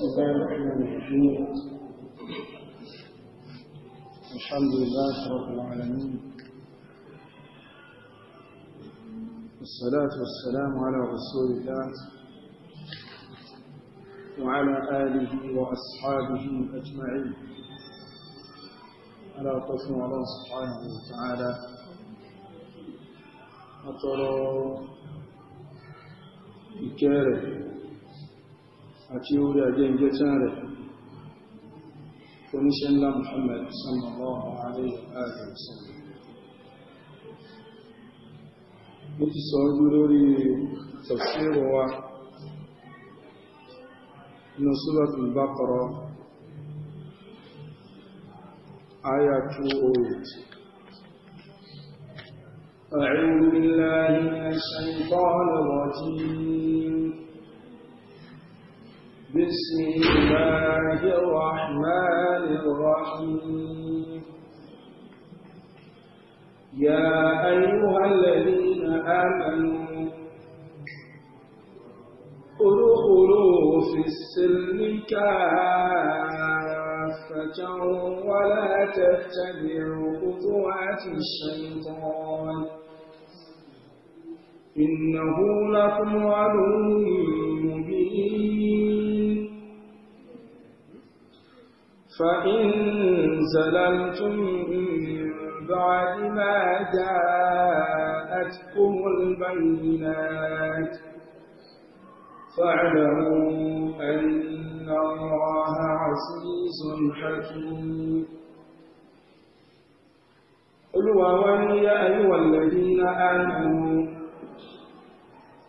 الله الرحمن الحمد لله رب العالمين والصلاة والسلام على رسول الله وعلى آله وأصحابه أجمعين على قسم الله سبحانه وتعالى أطلع بكاره àti orí ajé ń jẹ́ tán rẹ̀ oníṣẹ́ ńlá Muhammad sallallahu alaihi wa sallam mo ti sọ ọdún lórí tafsiro wa nínú suratul Baqara aya 208 أعوذ بالله من الشيطان الرجيم بسم الله الرحمن الرحيم يا أيها الذين آمنوا ادخلوا في السلم كافة ولا تتبعوا خطوات الشيطان إنه لكم عدو مبين فإن زللتم من بعد ما جاءتكم البينات فاعلموا أن الله عزيز حكيم قل وولي أيها الذين آمنوا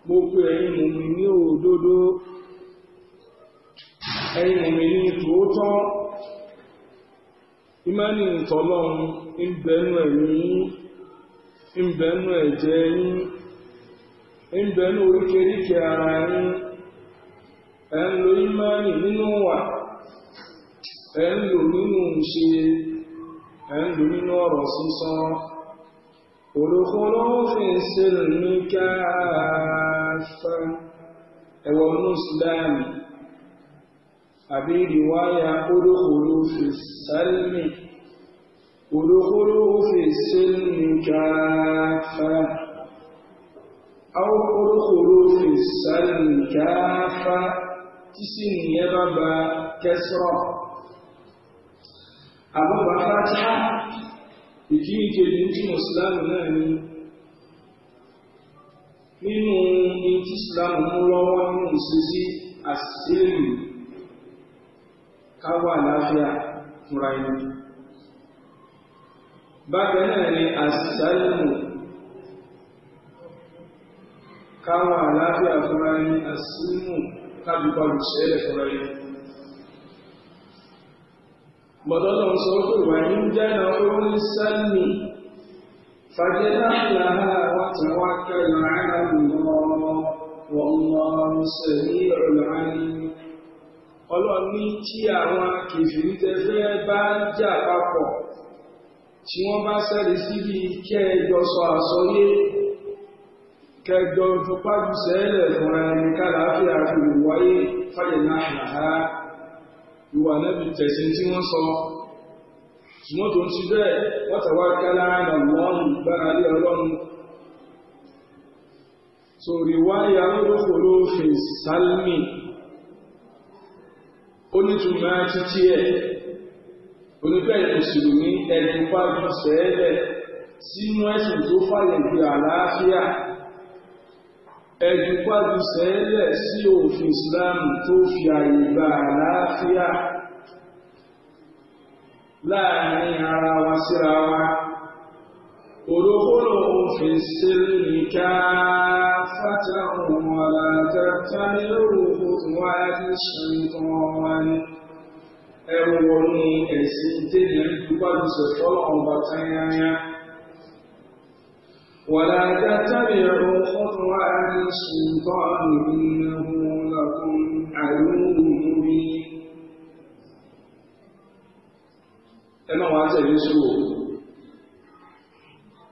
مكرم من يودد أي من توتر ìmánì ìtọ́lọ́run ń bẹnu ẹ̀yìn ń bẹnu ẹ̀jẹ̀ yín ń bẹnu oríkèríkè ara yín ẹ̀ ń lo ìmánì nínú wà ẹ̀ ń lò nínú ṣe ẹ̀ ń lò nínú ọ̀rọ̀ sísọ òdòkòrò fi ń ṣe nìkan àfẹ́ ẹ̀wọ̀n nù síláàmù àbí ìrìwáyà olóhùrú fi sálmì olóhùrú fi sálmì káfà àwọn olóhùrú fi sálmì káfà tí sí nìyẹn bá ba kẹsọ́rọ̀ àbúgbà fàtíhà ìdí ìkejì tí mùsùlùmí náà ní nínú ìtìsìlámù mú lọ́wọ́ nínú ìṣesí àṣìṣe ìlú ká wà láfíà fúnra ẹni bákan náà ni àṣìṣàlùmù ká wà láfíà fúnra ẹni àṣìṣàlùmù kájúkọ lùsẹ́lẹ̀ fúnra ẹni gbọ́dọ́lọ́ sọ pé wà ní jẹ́nà orí sẹ́lì fàjẹ́lá ìlànà wọ́n wá kẹrìnà àìlànà wọ́n wọ́n sẹ̀rí ọ̀lànà ọlọ́run ní tí àwọn kèfìrí tẹ fẹ́ bá jà papọ̀ tí wọ́n bá sẹ́rí síbi kẹjọ sọ àsọyé kẹjọ fipájú sẹ́lẹ̀ fún ẹni kálàáfíà fi wáyé fàyẹ̀nà àhà ìwà nẹ́bi tẹ̀sí tí wọ́n sọ ṣùgbọ́n tó ń ti bẹ́ẹ̀ wọ́n tẹ̀wá kálá àmàlùmọ́ọ̀nù gbára lé ọlọ́run so riwaya ló kò ló onítùmọ̀ títí ẹ̀ onífẹ́ ìmùsùlùmí ẹ̀dùn fájú sẹ́ẹ̀lẹ̀ sínú ẹ̀sìn tó fàyè ju àlàáfíà ẹ̀dùn fájú sẹ́ẹ̀lẹ̀ sí òfin Islam tó fi àyè gba àlàáfíà láàrin ara wa síra wa. ادخلوا في السلم كافة ولا تتبعوا خطوات الشيطان ẹrù wọnú ẹ̀sìn tẹ́lẹ̀ dúpàdù sọ̀tọ́ ọba tányányá wàlá àjátàrí ẹ̀rọ fọ́tún wá ní ṣùgbọ́n àmì ìnáwó lákún àìlúhùn múrí ẹnà wà tẹ̀lé sùúrù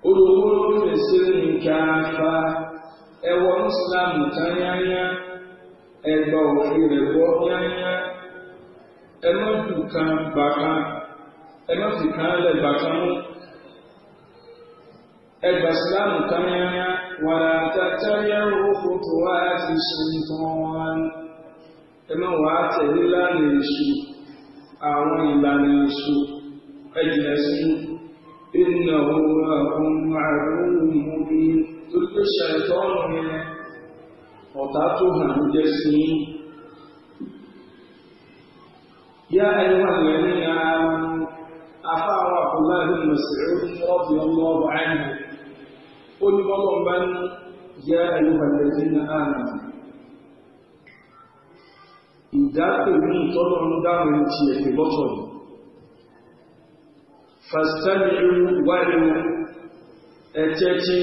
olùkóró fèsì nìkàfà ẹwọ ìsìlámù tán yányá ẹgbà òfin rẹ̀ gbọ́ yányá ẹmọ́jù kan bàkan ẹmọ́jù kan lẹ̀ bàkan mú ẹgbà ìsìlámù tán yányá wàrà tàtàyà òkú tó wá ti ṣèǹtàn ẹmọ́ wàá tẹ̀lé lánàá èṣù àwọn ìlànà èṣù ẹ̀jẹ̀ ẹ̀sìn. إنه لكم عدو مبين tó lé ṣàìtọ́rùn yẹn ọ̀tá tó hàn ló jẹ́ sí i. Yá ẹ̀wọ̀n lẹ́ni afáwọn àkùnláàbí Mùsùlùmí ọ̀bí ọmọ ọba àìmọ̀. Ó ní bọ́lọ̀ bá ní yá ẹ̀wọ̀n lẹ́ni àná. Ìdá pèmí ìtọ́lọ́run dáhùn ti ẹ̀gbẹ́ bọ́tọ̀ yìí fàstẹ́mìírù wáyéwu ẹ̀tẹ́tí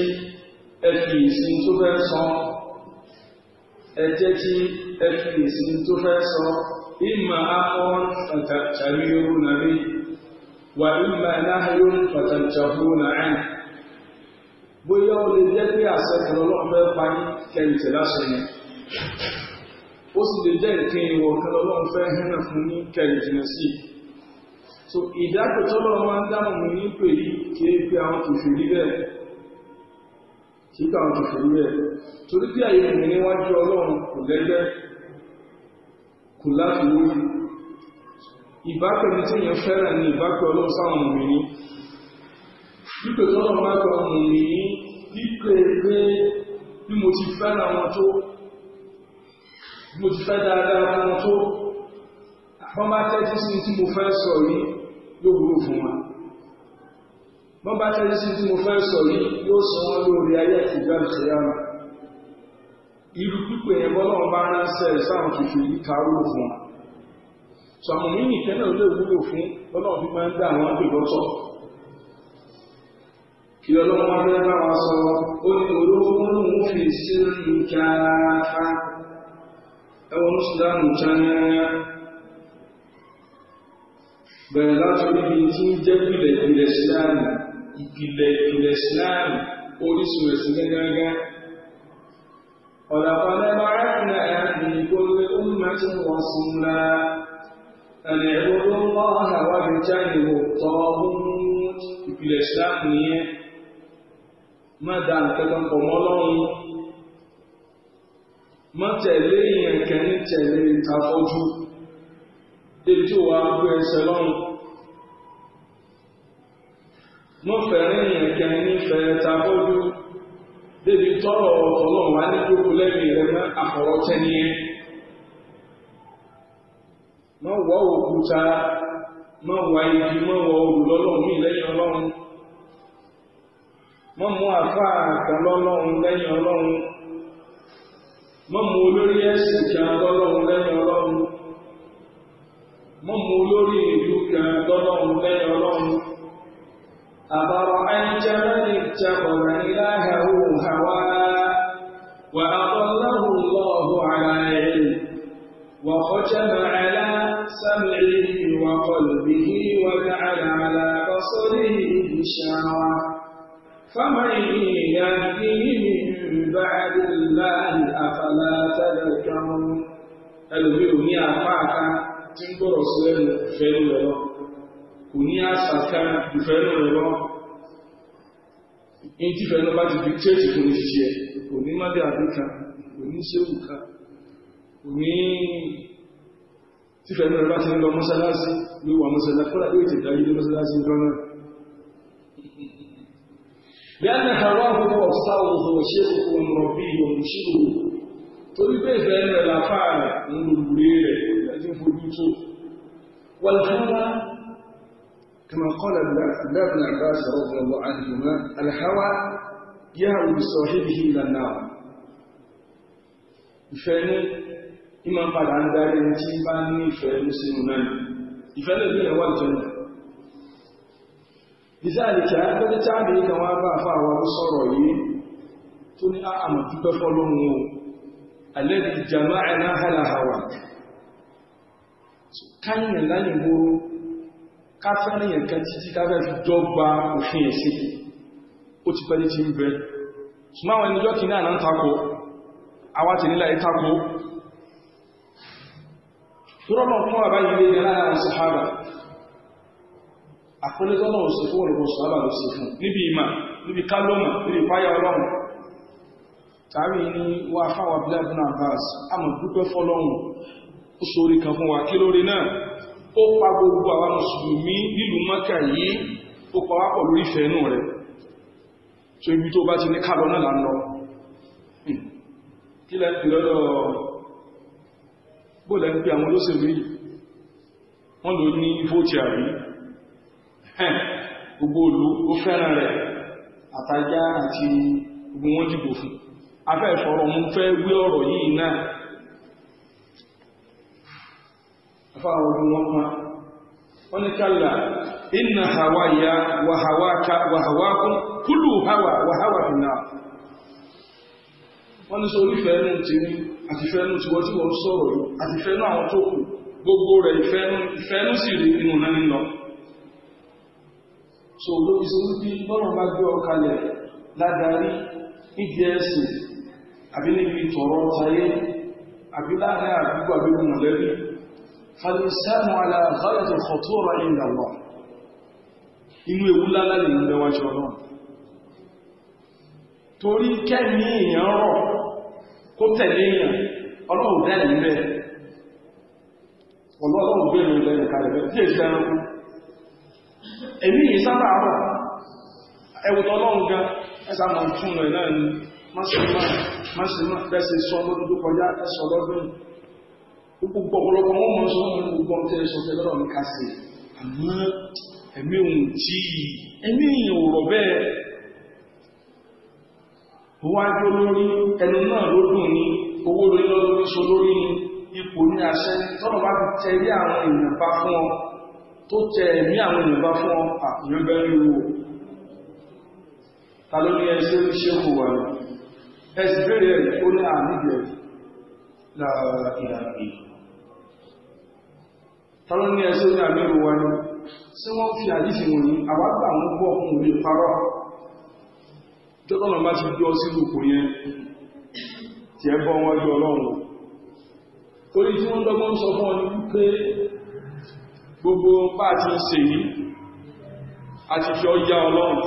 ẹ̀fì ìsìn tó fẹ́ sọ ẹ̀tẹ́tí ẹ̀fì ìsìn tó fẹ́ sọ ìmà akọ́n fàtàkàríyó nàbí wà ìmà náhàyó fàtàkàríyó nàáyì bóyá o lè jẹ́ pé àṣẹ kan ọlọ́pẹ́ parí kẹrìntì láṣẹ yẹn ó sì lè jẹ́ ìkẹyìn wọ̀ kan ọlọ́pẹ́ hẹ́nà fún ní kẹrìntì náà sí i so ìdájọ́ tọ́lọ́ máa ń dáhùn mi ní pè yí kì í pe àwọn tòṣì rí bẹ́ẹ̀ kì í pe àwọn tòṣì rí bẹ́ẹ̀ torí bí àyè mi níwájú ọlọ́run kò lẹ́gbẹ́ kò láti wójú ìbápẹ̀lú tí èèyàn fẹ́ràn ní ìbápẹ̀ ọlọ́run sáwọn mi ní pípẹ́ tọ́lọ́ máa ń dáhùn mi ní pípẹ́ pé bí mo ti fẹ́ràn wọn tó bí mo ti fẹ́ dáadáa wọn tó wọ́n bá tẹ́tí sí tí mo fẹ́ sọ yìí ló burú fún wa wọ́n bá tẹ́lẹ̀ sí tí mo fẹ́ sọ yìí yóò sọ wọ́n lórí ayé àti ìgbà ìṣẹ̀yàmù irú pípé yẹn bọ́ náà bá ránṣẹ́ sáwọn kìfì yìí káró fún wa sọ àwọn mímì kẹ́nà lè wúlò fún ọlọ́run fi máa ń dá àwọn àgbègbè sọ kí ọlọ́run wọn fẹ́ bá wa sọ ó ní olówó ń fi sí nǹkan ẹwọn mùsùlùmí chanyanya bẹ̀rẹ̀ látọ̀rí bí tí ń jẹ́ pìlẹ̀ ìpìlẹ̀ síláàmù ìpìlẹ̀ ìpìlẹ̀ síláàmù orísun ẹ̀sìn gẹ́gẹ́gẹ́ ọ̀làpàá lẹ́bàárà ní gbogbo ọmọdé wọn sún la ẹ̀lẹ̀ ìwọ́n mọ́ àwárí jáde wò tọ́ ìpìlẹ̀ síláàmù yẹn má da nǹkan pọ̀ mọ́ lọ́rùn má tẹ̀lé ìyẹn kẹ́ni tẹ̀lé ìtafọ́jú débi tí wàá gbé ẹsẹ̀ lọ́rùn mọ́fẹ̀ẹ́rin yẹn kẹrin nífẹ̀ẹ́ ta bọ́dú débi tọ́rọ̀ ọ̀tọ̀lọ́ wà ní gbogbo lẹ́yìn rẹ̀ mọ́ àfọ̀rọ̀ tẹ́ni yẹn mọ́ wọ́ òkúta mọ́ wà igi mọ́ wọ olùlọ́lọ́run mí lẹ́yìn ọlọ́run mọ́ mú àfáà kan lẹ́yìn ọlọ́run mọ́ mú olórí ẹ̀sìn kan lọ́lọ́run lẹ́yìn ọlọ́run mọ́ mú lórí ìlú kan lọ́lọ́run lẹ́yìn ọlọ́run àbára ẹnjẹ́rẹ́ ní ìjàbọ̀rọ̀ ìlàhàwò hàwá wà àbọ̀láhù lọ́ọ̀hù àrà ẹ̀yìn wà kọjẹ́mà àlá sàmìlì wà kọlùbìhì wà gàlà àlà kọsọ́lì ìṣàwà فمن يهديه من بعد الله أفلا تذكرون ẹlòmíràn ní àfáàká tí ń gbọ́rọ̀ sí lẹ́nu ìfẹ́ inú rẹ̀ lọ kò ní àṣà kan ìfẹ́ inú rẹ̀ lọ ní tí ìfẹ́ inú bá ti fi tẹ́ẹ̀tì fún ìṣiṣẹ́ kò ní mọ́dé àbíkà kò ní ṣéwù ká kò ní tí ìfẹ́ inú rẹ̀ bá ti ń lọ mọ́sálásí ló wà mọ́sálásí kọ́lá yóò ti dáyé mọ́sálásí lọ́nà لأن هواه هو أبصاره وشيخه ومربيه ومشيره torí pé الوجوب والهوى كما قال ابن عباس رضي الله عنهما الهوى يهوي بصاحبه إلى النار ìfẹ́ni ìmọ̀ padà ń darí ẹni tí bá ní ìfẹ́ sínú náà ìfẹ́ lè bí ẹwà ìjọba ìzáàlìkì àádọ́dé tí a lè kan wá bá fà wà sọ̀rọ̀ yìí tó ní àmàdúgbẹ́fọ́ lóhun o alẹ́bí jama'a náà hàlàhàwà káyìnyàn lánìí gbóró káfẹ́rìnyàn kan títí káfẹ́ fi dọ́gba òfin ẹ̀sìn ó ti pẹ́lú ti ń bẹ ṣùgbọ́n àwọn ẹnìjọ́ kìí náà ń takò àwa ti nílà ìtakò tọ́rọ̀lọ́ fún àbá ilé ìgbẹ̀ láàrín sàhábà àpẹẹlẹ́tọ́lọ́ òsì fún olùkọ́ sàhábà ló sì fún níbi ìmà níbi kálọ́mà níbi ìpáyà ọlọ́run tàbí ní ó sórí kan fún wa kí lórí náà ó pa gbogbo àwa mùsùlùmí nílùú mọ́kà yìí ó pa wá pọ̀ lórí ìfẹ́ inú rẹ̀ so ibi tó bá ti ní kálọ náà là ń lọ hmm. kí lẹ́ pè lọ́dọ̀ bó lẹ́ àwọn olóṣèlú yìí wọ́n lò ní vóòtì àrí gbogbo olú ó fẹ́ràn rẹ̀ àtajá àti gbogbo wọn dìbò fún afẹ́ ìfọ̀rọ̀ mú fẹ́ wí ọ̀rọ̀ yìí náà afáwọn ojú wọn pọn wọn ni kálá iná hawa ya wàhawáka wàhawákún kúlù hawa wàhawa iná wọn ni sọ onífẹ̀ẹ́ ti ní àti fẹ́ nù tiwọ́ tí gbogbo rẹ̀ ìfẹ́ nù sì rí so olóbi sọ wípé lọ́rùn bá gbé ọkalẹ̀ ládarí nídìí ẹ̀sìn àbí níbi tọ̀rọ̀ àbí láàárín àdúgbò àbí mọ̀lẹ́bí فالإنسان على غاية الخطورة عند الله inú ewu lálá lè ń bẹwàjọ náà torí kẹ́mí èèyàn rọ̀ kó tẹ̀lé èèyàn ọlọ́run dẹ́rì rẹ̀ ọlọ́run gbẹ̀rù lẹ́nu kalẹ̀ tí èsì ẹranko èmi yìí sábà rọ̀ ẹwùtọ́ ọlọ́run gan ẹsà mọ̀ tún rẹ̀ náà ni máṣe máa bẹ́ẹ̀ sí sọ lọ́dún tó kọjá ẹsọ lọ́dún gbogbo ọ̀pọ̀lọpọ̀ wọn mọ̀ sọ́nà ní gbogbo ọ̀n tẹ́lẹ̀ sọ́tẹ́ lọ́rọ̀ mi ká sí àmọ́ ẹ̀mí òun tí ẹ̀mí èèyàn ò rọ̀ bẹ́ẹ̀ wọ́n á jó lórí ẹnu náà ló dùn ní owó lórí lórí so lórí ní ipò ní àṣẹ tọ́nà bá ti tẹ ilé àwọn èèyàn bá fún ọ tó tẹ ẹ̀mí àwọn èèyàn bá fún ọ àpèyàn bẹ́ẹ̀ ní owó ta ló ní ẹ ṣe kò wà ní ẹ sì bẹ̀rẹ̀ ó ní àmì ìbẹ̀rẹ̀ láàárín ìlànà tọ́lọ́ ní ẹsẹ́ ní àmì ìwọ ni tí wọ́n fi àyíṣe wọn ní àwágbà wọn pọ̀ fún mi parọ́ tọ́lọ́ bá ti gbọ́ sínú kò yẹn tí ẹ bọ́ wọn jọ ọlọ́run orí tí wọ́n dọ́gbọ́n sọ fún ọ ní wípé gbogbo bá ti ń ṣe yìí a ti fi ọjà ọlọ́run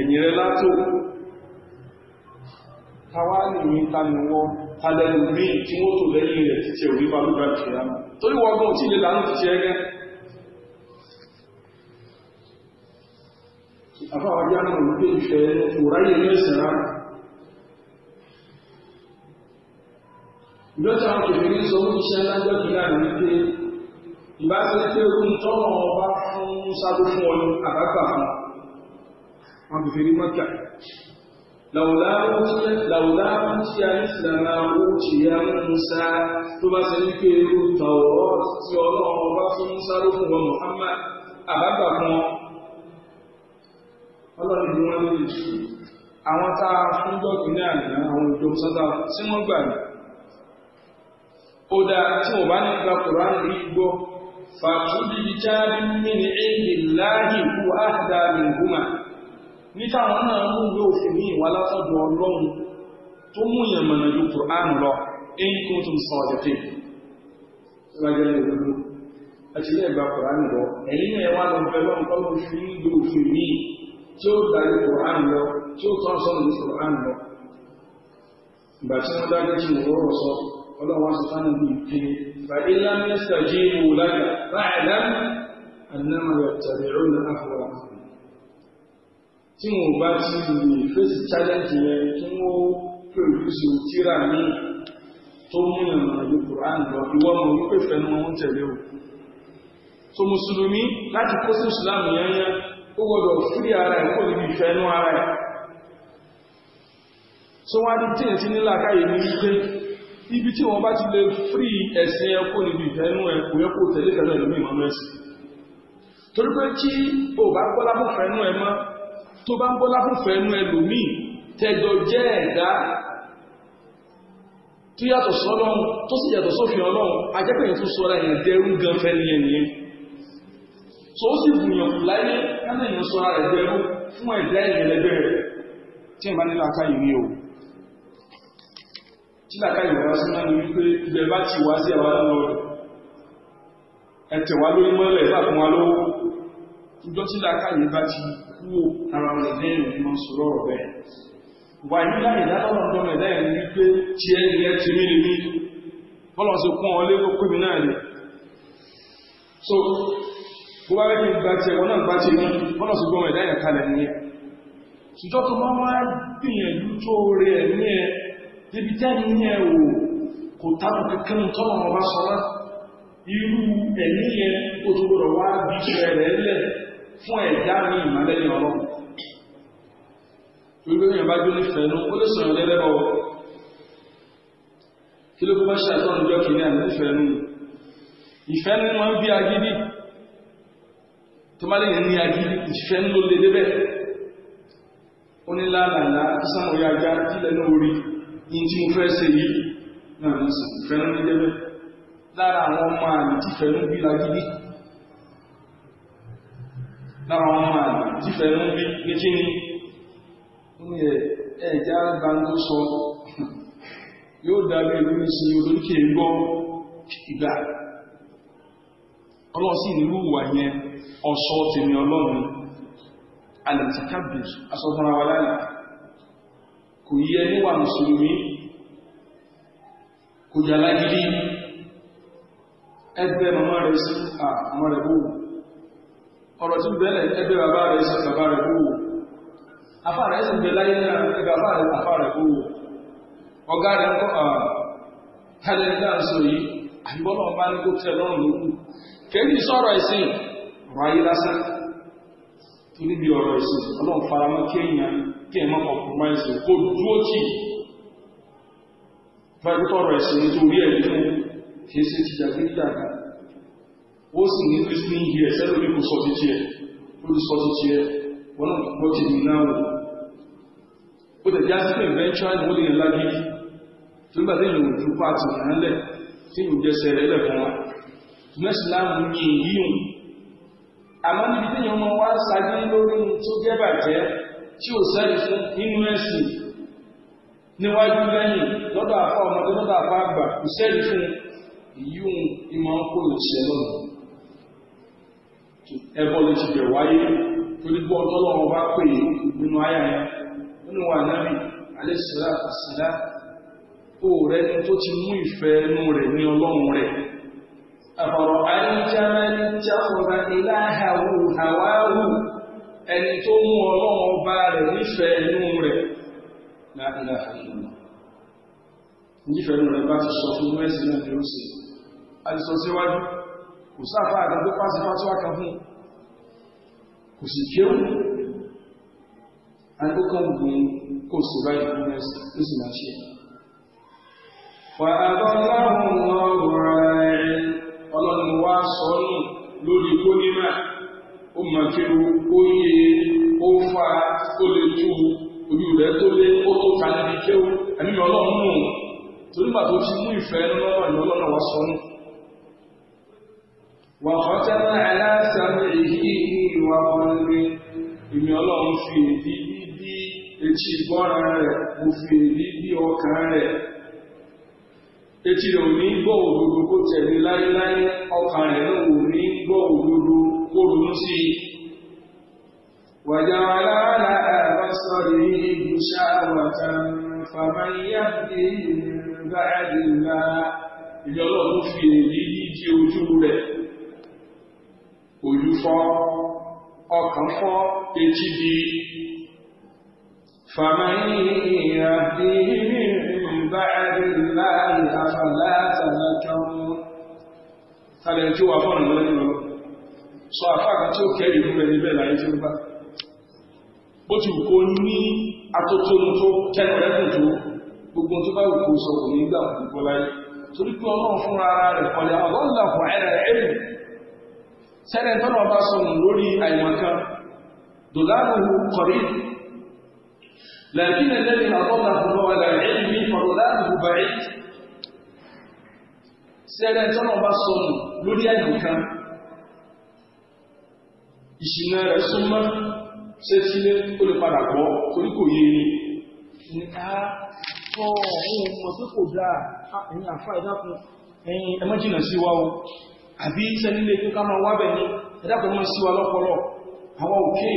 ẹ̀yìn rẹ látò táwa nìyí tániwọ́ alẹ́nu míì tí wọ́n tò lẹ́yìn rẹ̀ títí ẹ̀rù nípa ló bá kìí rámù torí wọ́n gbọ́n tí ilé lánà ti ṣe ẹgẹ́ afáwọn ajá náà ń gbé ìfẹ́ òráyè mẹ́sìn rámù lọ́tà àwọn kèfèrè sọ fún iṣẹ́ lájọ́ kìí àná wípé ìbá ti pé ogun tọ́nà ọba fún sábó fún ọyún àbágbà fún wọn kèfèrè mọ́kà làwùlá tí a ní ìlànà ó ti yá Musa tó bá ṣe ní pé irú tàwọ̀ tí ọlọ́run bá fún Musa ló fún wọn Muhammad àbábà kan ọlọ́run ni wọ́n lè jù àwọn tá a fún jọ́gbìn ní àná àwọn òjò sọ́tà tí wọ́n gbà ní. ó tí wọ́n bá ní ìgbà Kùránì rí gbọ́ fàtúndì jáde mímí ní èdè láàyè kú àdá nìgbùmá níta àwọn náà mú ìwé òfin ní ìwà látọ̀dọ̀ ọlọ́run tó mú ìyànmọ̀nà ju Qur'an lọ èyí tó tún sọ ọ̀dẹ̀dẹ̀ lágbẹ́lẹ́ ìlú àti ilé ẹ̀gbà Qur'an lọ ẹ̀yìn náà wà lọ fẹ́ lọ́n kọ́ ló fi ní ìwé òfin ní tí ó darí tí wọn bá ti lè fèsì challenge yẹn kí wọn pèlúsù tíra ní tó mú ìrìnà ìlú Quran lọ ìwọ ọmọ wípé fẹnu wọn tẹ̀lé o so mùsùlùmí láti kó sí ìsìlámù yẹn yẹn ó gbọ́dọ̀ fúri ara ẹ̀ kó níbi ìfẹnu ara ẹ̀ so wọn á tíyẹn sí nílà káyé ní wípé ibi tí wọn bá ti lè fúri ẹ̀sìn ẹ̀ kó níbi ìfẹnu ẹ̀ kò yẹ kó tẹ̀lé fẹnu ẹ̀ lómi ìmọ̀ mẹ́sì torí pé tí o bá gbọ́dọ̀ fẹnu ẹ̀ mọ́ tó bá ń gbọ́lá fún fẹ́nu ẹlòmíì tẹ́jọ jẹ́ ẹ̀dá tó yàtọ̀ sọ́lọ́run tó sì yàtọ̀ sófin ọlọ́run ajẹ́pẹ̀yìn tó sọ́ra èèyàn dẹrú gan fẹ́ ní ẹnìyẹn tó ó sì gbìyàn kù láyé kánà èèyàn sọ́ra rẹ̀ dẹrú fún ẹ̀dá èèyàn lẹ́gbẹ́ rẹ̀ tí ìbá nílò aká yìí rí o tí làká yìí wá sí náà ni wípé ibẹ̀ bá ti wá sí àwọn aláwọ̀dọ̀ ẹ̀tẹ̀ wá lórí mọ́lẹ̀ ìbá fún wa lọ́wọ́ ìjọ tí làká yìí bá ti kúrò ara rẹ̀ lẹ́yìn òní máa sọ̀rọ̀ ọ̀rọ̀ bẹ́ẹ̀ wà nílá ìdátọ́lọ̀ ọ̀dọ́mọ̀ ẹ̀dá ẹ̀rí wípé tí ẹ ilẹ̀ ti mí ni mí bọ́lọ̀ sí kún ọ lé ló pè mí náà ni so bó bá wẹ́ kí n gba tiẹ̀ wọn náà gba tiẹ̀ ní bọ́lọ̀ sí gbọ́mọ̀ ẹ̀dá yẹn kalẹ̀ nìyẹn ṣùjọ́ tó máa wá gbìyànjú tó rẹ̀ ẹ̀mí ẹ débi tẹ́ni ní ẹ wò kò tábù kankan tọ́lọ̀ ọba sọ́lá irú ẹ̀mí yẹn ó tó gbọ́dọ̀ wá bí ìṣẹ̀lẹ̀ lẹ̀ fún ẹ̀dá ní ìmọ̀lẹ́yìn ọlọ́run torí pé èèyàn bá jó nífẹ̀ẹ́ nú ó lè sọ̀rọ̀ lẹ́lẹ́bọ̀ kí ló kọ́ ṣe àtọ́nu jọ kìíní àmì nífẹ̀ẹ́ nú ìfẹ́ nú máa ń bí agídí tó má lè ní agídí ìfẹ́ nú ló lè débẹ̀ ó ní lálàlá sánú orí ajá kílẹ̀ ní orí yìí tí mo fẹ́ ṣe yìí náà ní sùn ìfẹ́ ní débẹ̀ lára àwọn ọmọ àmì tí ìfẹ́ bí lagídí lára wọn máa jífẹ̀ ní bí ní kí ní ní ẹ̀já gbangó sọ yóò dábí ìlú ní sí olóríkè gbọ́ ìgbà ọlọ́sí nílùú wà yẹn ọ̀ṣọ́ tèmi ọlọ́run alẹ́tìkábì asọ́fúnra wa lánàá kò yí ẹni wà mùsùlùmí kò yà lágídí ẹgbẹ́ mọ́mọ́ rẹ̀ sí àmọ́ rẹ̀ wò ọ̀rọ̀ tí bẹ́lẹ̀ ẹgbẹ́ bàbá rẹ̀ sí bàbá rẹ̀ kúrò afá rẹ̀ sì bẹ láyé náà ẹgbẹ́ afá rẹ̀ afá rẹ̀ kúrò ọ̀gá rẹ̀ kọ́ ààrẹ dáàsọ yìí àbíbọ́nà ọba ní kó tẹ lọ́rùn lókù kẹ́lí sọ̀rọ̀ ẹ̀sìn ọ̀rọ̀ ayé lásán kéèyàn kéèyàn má kó dúró tì nítorí ẹ̀ ti dàgbà ó sì ní christian year sẹ́lò ní kò sọ ti tí ẹ̀ ó ti sọ na tí ẹ̀ wọ́n náà gbọ́ ti ní náà ó tẹ̀ já sí pé eventually wọ́n lè yẹn lágbí tó nígbà tí ìlú ojú pàtì yẹn lẹ̀ tí ìlú jẹsẹ̀ rẹ̀ lẹ̀ fún wa mẹ́sìlámù ní yíyùn àmọ́ níbi tí ìyẹn wá sagé lórí tó jẹ́ bàjẹ́ tí ò sẹ́rì fún nínú ẹ̀sìn lẹ́yìn lọ́dọ̀ àfa ọmọdé lọ́dọ̀ àfa àgbà kò fún ìmọ̀ ẹbọ lè ti bẹ̀ wáyé torí gbọ́ ọlọ́run bá pè é nínú àyà nínú wa nábì alẹ́sìlá àsìlá rẹ ní tó ti mú ìfẹ́ inú rẹ̀ ní ọlọ́run rẹ̀ àbọ̀rọ̀ ayélujára tí a ilá ẹni tó mú ọlọ́run nífẹ̀ẹ́ nífẹ̀ẹ́ kò sáfà àgbàgbé pàṣẹ fásitì kan fún kò sì kéwù àti kókàn gbìn kò sì báyìí fún ẹsẹ̀ ó sì máa ṣe. Wàhálà ọlọ́run lọ́wọ́ rẹ̀ ọlọ́run wá sọ nù lórí kónímà ó mọ̀ kéwu ó yẹ ó fa ó lè tú ojú rẹ̀ tó lé ó tó ta níbi kéwu ẹ̀mí ọlọ́run mú torí pàtó ti mú ìfẹ́ lọ́wọ́ ìlú ọlọ́run wá sọ nù. وختم على سمعه وقلبه èmi ọlọ́run fi èdí bí etí ìgbọ́ràn rẹ̀ mo fi èdí bí ọkàn rẹ̀ etí rẹ̀ ò ní gbọ́ òdodo kó tẹ̀lé láéláé ọkàn rẹ̀ náà ò ní gbọ́ òdodo kó ronú sí i. wàjà aláàlá àbásọ̀rọ̀ yìí gbèsè àwàkàn fàmáyà ní ìgbà àdìlá ìjọlọ́run fi èdí bí di ojú rẹ̀ fọ́ ọkàn fọ́ etí bí fàmáyíyà bí bá rí láàrin afàlátàlákẹ́wọ́n tàbí tí ó wà fọ́nà lẹ́yìn lọ sọ àfáàkà tí ó kẹ́rì fún ẹni bẹ́ẹ̀ láyé tí ó bá bó ti kò ní atótónu tó kẹ́nu tó gbogbo tó bá wù sọ kò ní gbà púpọ̀ láyé torí pé ọlọ́run fúnra rẹ̀ kọlẹ̀ àwọn ọlọ́run ẹ̀rẹ̀ ẹ̀rù sẹ́rẹ̀ tọ́lọ̀ bá sọnù lórí àìmọ̀kan dòláàbù kọ̀rí lẹ́yìn lẹ́yìn àtọ́lá fún ọwọ́ ẹ̀rẹ́ ìbí fọ̀dọ̀láàbù bàrí sẹ́rẹ̀ tọ́lọ̀ bá sọnù lórí àìmọ̀kan ìṣìnà rẹ̀ súnmọ́ ṣe tí lé olùpadà gbọ́ torí kò yé ni àbí iṣẹ́ nílé tó ká máa wábẹ̀ ní ẹ̀dàpọ̀ mọ́ sí wa lọ́pọ̀lọ́ àwọn òkè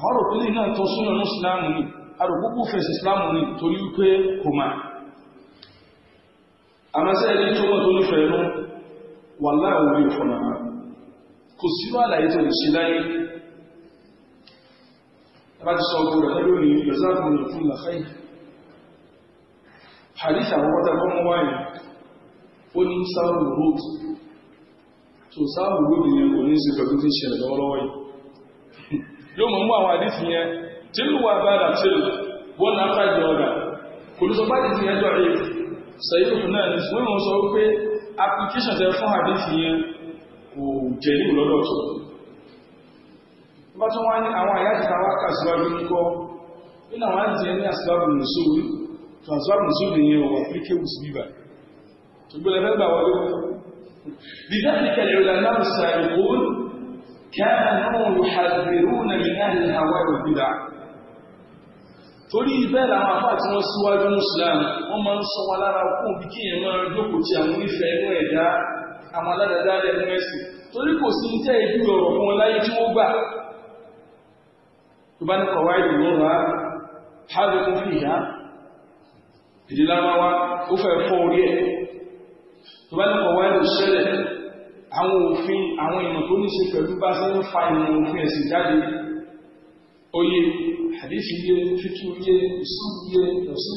àwọn òpínlẹ̀ náà tó súnà ní ìsìláàmù ní àrùkúkú fẹ̀sì ìsìláàmù ní torí wípé kò máa àmásẹ́ ẹni tó mọ́ tó nífẹ̀ẹ́ nú wà láàrin ìfọ̀nà kò sí so sáàbù gbogbo yẹn kò ní sí pẹ̀lú tí ń ṣẹlẹ̀ lọ́wọ́lọ́wọ́ yìí yóò mọ̀ mú àwọn àdífì yẹn tí ló wà bára tí ó wọ́n náà fàájì ọ̀gá kò ní sọ bá àdífì yẹn òkú náà ní wọ́n mọ̀ sọ wípé application tẹ fún àdífì yẹn kò jẹ́ ní lọ́dọ̀ tó bá tún wá ní àwọn àyájì táwa kà síwájú ní kọ́ nínú àwọn àdífì yẹn ní àsìlábù nìṣòwò transfer nìṣòwò yẹn wọ̀ applicables bíbà tó gbọ́dọ̀ gbà wọlé لذلك العلماء السابقون كانوا يحذرون من أهل الهوى والبدع torí bẹ́ẹ̀ làwọn afá tí wọ́n síwájú Islam wọ́n máa ń sọ wọn lára kún bí kí èèyàn máa jókòó ti àwọn onífẹ̀ẹ́ inú ẹ̀dá àwọn aládàáda lẹ́nu ẹ̀sìn torí kò sí ní tẹ́ ìlú ọ̀rọ̀ fún wọn láyé tí wọ́n gbà tó bá ní kọ̀wá ìlú ló ra hábẹ́ kún fìyà ìdílámáwá ó fẹ́ fọ́ orí ẹ̀ tó bá nípa wáyé ṣẹlẹ̀ àwọn òfin àwọn ìmọ̀ tó ní ṣe pẹ̀lú bá ṣe ń fa ìmọ̀ òfin ẹ̀sìn jáde oyè àdéṣì yé fíkí yé ìsú yé ìdọ̀sí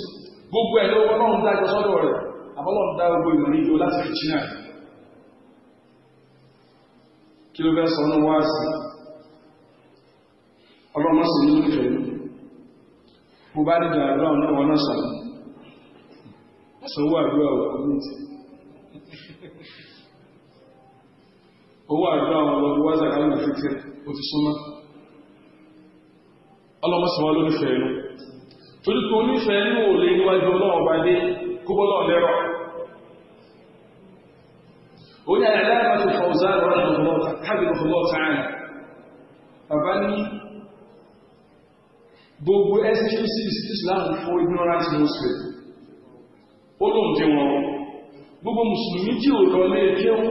gbogbo ẹ̀ ló wọ́n náà ń dájọ́ sọ́dọ̀ rẹ̀ àbọ́lọ̀ ń dá gbogbo ìmọ̀ níjọ láti fi jìnà kí ló fẹ́ sọ ọ́nà wá sí ọlọ́mọ sí ní ìfẹ́ mo bá dìjà àdúrà náà wọ́n náà sọ̀rọ̀ sọ wà àdúrà ọ̀gbìn owó àjọ àwọn ọlọ́dún wá zàkà ní fìtìr ó ti súnmọ́ ọlọ́mọsọ̀wọ́ ló nífẹ̀ẹ́ inú torí kò nífẹ̀ẹ́ inú ò lè níwájú ọlọ́wọ́ bá dé kúbọ́ náà lẹ́rọ ó ní àyàlá àti gbogbo mùsùlùmí tí ò lọ lé kéwú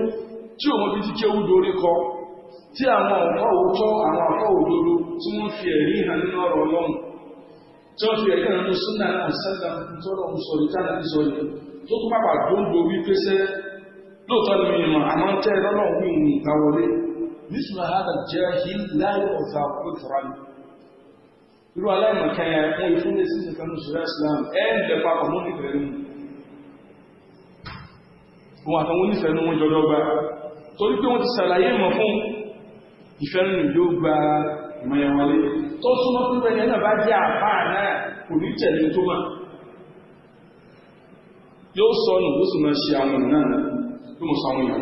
tí òun fi ti kéwú dorí kọ tí àwọn ọ̀pọ̀ òótọ́ àwọn àpọ̀ òdodo tí wọ́n fi ẹ̀rí hàn nínú ọ̀rọ̀ ọlọ́run tí wọ́n fi ẹ̀rí hàn nínú sunna náà sẹ́gbà tọ́lọ̀ ń sọ ìtàlẹ̀ ń sọ yìí tó tún pàpà tó ń do wípé sẹ́ lóòótọ́ ni mi mọ̀ àmọ́ tẹ́ ẹ lọ́nà òun ìwọ̀n ìgbà wọlé nísìnyí àhàdà jẹ́ hi láyé ọ̀tà òkúta ni irú aláìmọ̀kẹ́ wọn ìfúnni sí ìtẹ̀kánú sọ̀rọ̀ islam ẹ̀ ń lẹ́pàá ọmọ ìbẹ̀rẹ̀ mu wọn àtàwọn onífẹ̀ẹ́nú wọn jọ dọ́gba torí pé wọ́n ti ṣàlàyé mọ̀ fún ìfẹ́nu yóò gba ìmọ̀yànwọlé tó súnmọ́ fún bẹ́ẹ̀ náà bá jẹ́ àbá náà kò ní tẹ̀lé tó mà yóò sọnù ó sì máa ṣe àwọn náà tó mọ̀ sọ àwọn ìyàwó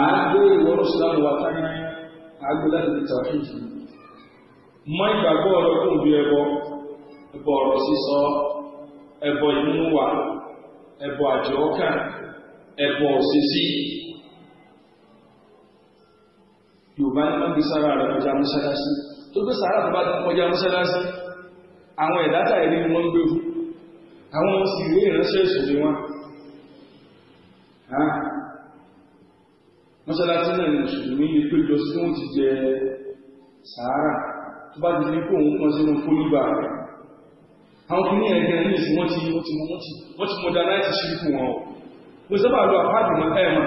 àágbé ìwọ̀rọ̀ sílámù wa táyà àágbé láti tàwíìdì mọ́ ìgbàgbọ́ ọ̀rọ̀ fún òbí ẹbọ ẹbọ ọ̀rọ̀ sísọ ẹbọ ìmúwà ẹbọ àjọkà ẹbọ òṣìṣì yorùbá ní wọ́n gbé sára rẹ̀ kọjá mọ́ṣáláṣí tó gbé sára tó bá kọjá mọ́ṣáláṣí àwọn ẹ̀dá tàìrí ni wọ́n gbé fún àwọn sì rí ìránṣẹ́ ìṣòro wọn mọ́ṣáláṣí náà ni mùsùlùmí ní péjọ sí wọ́n ti jẹ sàárà tó bá ti fi kóhun kan sínú fún ìgbà àwọn kìíní ẹ̀gẹ́ ní ìsìn wọ́n ti wọ́n ti wọ́n ti modernize ṣíríkù wọn ọ̀ mo sábà lọ àpáàdì mọ́ ẹ̀mà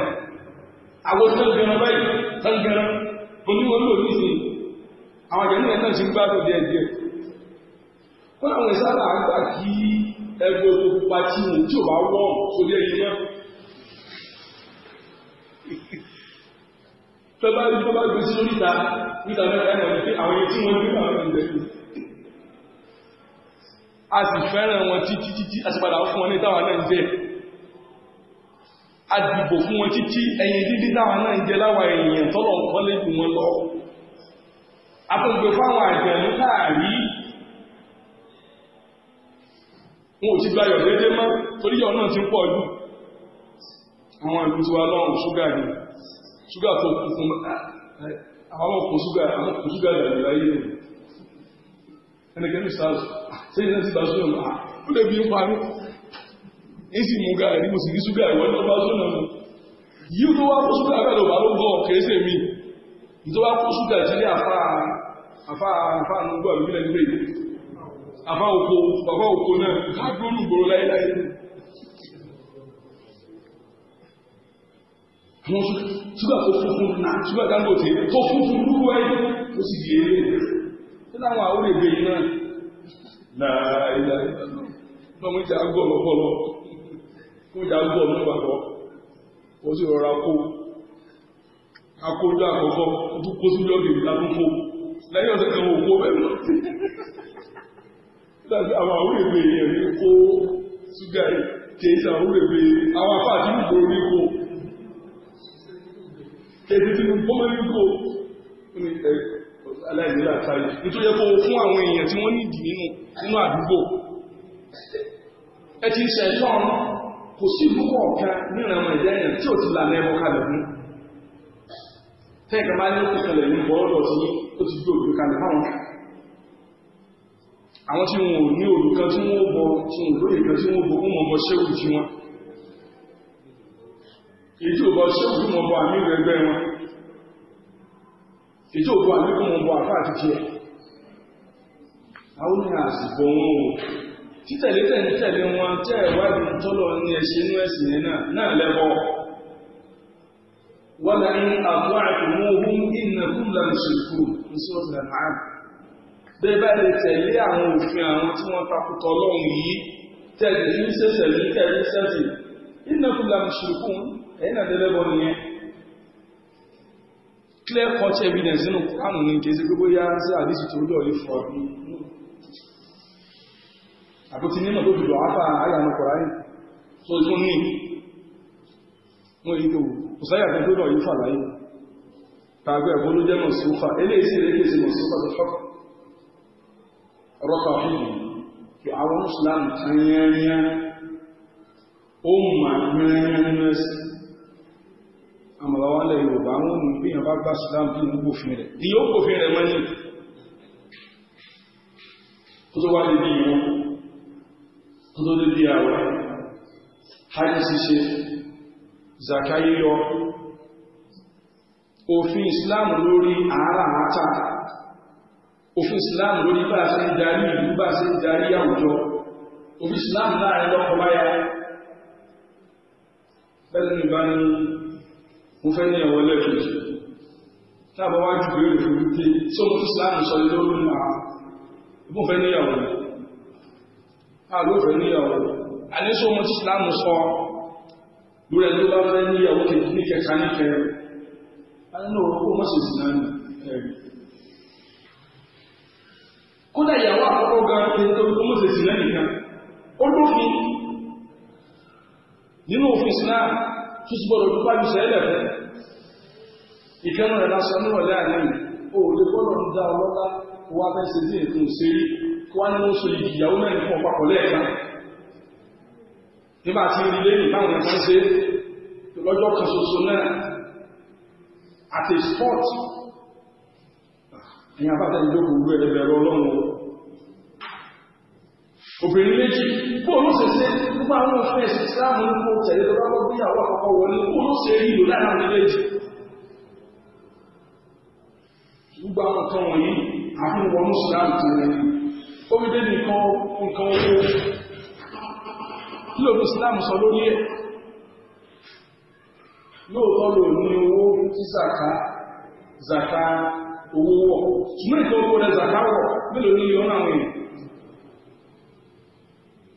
àwọn tó gẹran báyìí tó gẹran oníwọlú oníṣìn àwọn àjẹ́nú ẹ̀nà ti gbá tó díẹ̀ díẹ̀ kó àwọn ìsáàlà àgbà kí ẹgbẹ́ tó pupa tí mo tí ò bá wọ́ sórí ẹ̀yìn mọ́ tó bá gbé sórí ta níta mẹ́ta ẹ̀mà ní pé àwọn ẹni tí wọ́n gbé àwọn ẹni a sì fẹ́ràn wọn títí títí a sì padà fún wọn ní táwọn náà ń jẹ a dìbò fún wọn títí ẹ̀yìn dídí táwọn náà ń jẹ láwọn èèyàn tọ́lọ̀ ń kọ́lé jù wọn lọ àtúngbè fáwọn àjẹ̀mú káàrí àwọn ìlú tí ṣúgà ni ṣúgà tó ẹnìkan ní sáà sẹ́yìn náà ti ta sóyún náà ó lè fi ń parí ń sì mú gààrí mo sì rí ṣúgà ìwọ́n tó bá sóyún náà yíò tó wá kó ṣúgà bẹ́ẹ̀ ló bá ló gọ̀ kéésè mi yìí tó wá kó ṣúgà sí àfa àfa àfa ànúgbò àbí bílẹ̀ níbẹ̀ yìí àfa òkò àfa òkò náà ká gbóòlù gbòòrò láéláé àwọn ṣúgà tó funfun náà ṣúgà Dangote tó funfun lúwẹ̀ẹ́ ó sì di eré kí láwọn àwúrẹ̀ èdè yìí náà náà ilẹ̀ lọ́mú ìjà gbọ́ lọ́pọ̀lọ́ kó ìjà gbọ́ lọ́pàpọ̀ ó sì rọra kó akójú àkọ́kọ́ tó kó sí lọ́gì ìlànàkó lẹ́yìn ọ̀sẹ̀ kan òkú bẹ́ẹ̀ lọ láti àwọn àwúrẹ̀ èdè yẹn ní kó ṣúgà kì í ṣàwúrẹ̀ èdè àwọn apá àti ìgbòho ní kó kì í ti ti ní kó aláìnílà káyì nítorí yẹ kó fún àwọn èèyàn tí wọ́n nídìí nínú nínú àdúgbò ẹ ti ń ṣẹ̀tọ́ kò sí ìlú kọ̀ọ̀kan níran ọmọ ìyá èèyàn tí ò ti lànà ẹmọ kalẹ̀ fún tẹ́ẹ̀kan bá ní kó kalẹ̀ ní bọ́ọ̀lọ̀ sí ó ti gbé òbí kalẹ̀ fáwọn àwọn tí wọn ò ní òbí kan tí wọn ó bọ tí wọn ò lóye kan tí wọn ó bọ ó mọ̀ bọ ṣéwù tí wọn èyí tí ò bọ ṣéwù tí wọn bọ àmì ìrẹgbẹ wọn èjì òkú àlékún ọmọ àfá àti tiẹ̀ àwọn ní àsìkò wọn o títẹ̀lé tẹ̀lé tẹ̀lé wọn tẹ́ ìwádìí tọ́lọ̀ ní ẹ̀ṣẹ̀ inú ẹ̀sìn náà lẹ́bọ̀ wọ́n ní àwọn àkùnmọ́hún ìnàkùn lànà ṣèkú ní sọ́ọ̀tì lànà àmì clear cut evidence nínú kánù ní kèsí gbogbo yá sí àdísì tó lọ yìí fún ọdún àbútí nínú tó dùdọ̀ àpá àyànà kọ̀ráyì tó tún ní wọ́n èyí tó kò sáyà tó lọ yìí fàlàyé tàbí ẹ̀bọ́n ló jẹ́ mọ̀sífà eléyìí sí eléyìí sí mọ̀sífà tó fọ́kù rọ́pà fún kí àwọn Islam kan yẹn yẹn ó mà yẹn yẹn àmàlà wọn lẹ yorùbá wọn mú bí yàn bá gbà sílámù bí wọn gbòfin rẹ ni yóò gbòfin rẹ mọ ní kó tó wá lè bí ìwọ kó tó lè bí àwẹ hajj ṣíṣe zakayi yọ òfin islam lórí àárà àátà òfin islam lórí bá ṣe ń darí ìlú bá ṣe ń darí àwùjọ òfin islam láàrin lọ́kọ̀ọ́báyá bẹ́ẹ̀ ni bá ní mo fẹ́ ní ẹ̀wọ̀n lẹ́ẹ̀kejì tí a bá wá ju béèrè fún wípé tí òun ti síláàmù sọ ilé olú ma mo fẹ́ ní ẹ̀wọ̀n a ló fẹ́ ní ẹ̀wọ̀n a ní sọ mo ti síláàmù sọ lórí ẹni bá fẹ́ ní ẹ̀wọ̀n kejì ní kẹta ní kẹrin a nínú mọ́ sì sìnà ní kódà ìyàwó àkọ́kọ́ gan ẹni tó mọ́ sì sìnà nìkan ó lófin nínú òfin Islam tó sì gbọdọ̀ dúpá ju sẹ́lẹ̀ fún ìkẹ́nu rẹ̀ lásán níwọ̀lẹ́ àná yìí ó lè bọ́lọ̀ ń dá ọlọ́lá kó wá fẹ́ ṣe díẹ̀ tó ń ṣe rí kó wá ní wọ́n so ìyàwó mẹ́rin fún ọ̀pá pọ̀lẹ́ ẹ̀ka nígbà tí ilé ní báwọn ẹ̀ka ń ṣe lọ́jọ́ kan ṣoṣo náà àti sport ẹ̀yìn abájá ìjókòó gbé ẹgbẹ̀rún ọlọ́run obìnrin méjì bóòlù ṣẹṣẹ nígbà wọn fẹ́ ṣe sáà mú kó tẹ̀lé lọ́wọ́ bí àwọn àkọ́kọ́ wọlé bóòlù ṣe rí ìlú láàárín gbogbo àwọn nǹkan wọ̀nyí àfi wọn mùsùlùmí tó rẹ̀ ó fi dé nìkan nǹkan owó kí ló fi ìsìláàmù sọ lórí ẹ̀ lóòótọ́ lò ní owó tí zaka zaka owó wọ̀ ṣùgbọ́n ìtọ́ owó rẹ̀ zaka wọ̀ mélòó ní ìyọ́nà àwọn èèyàn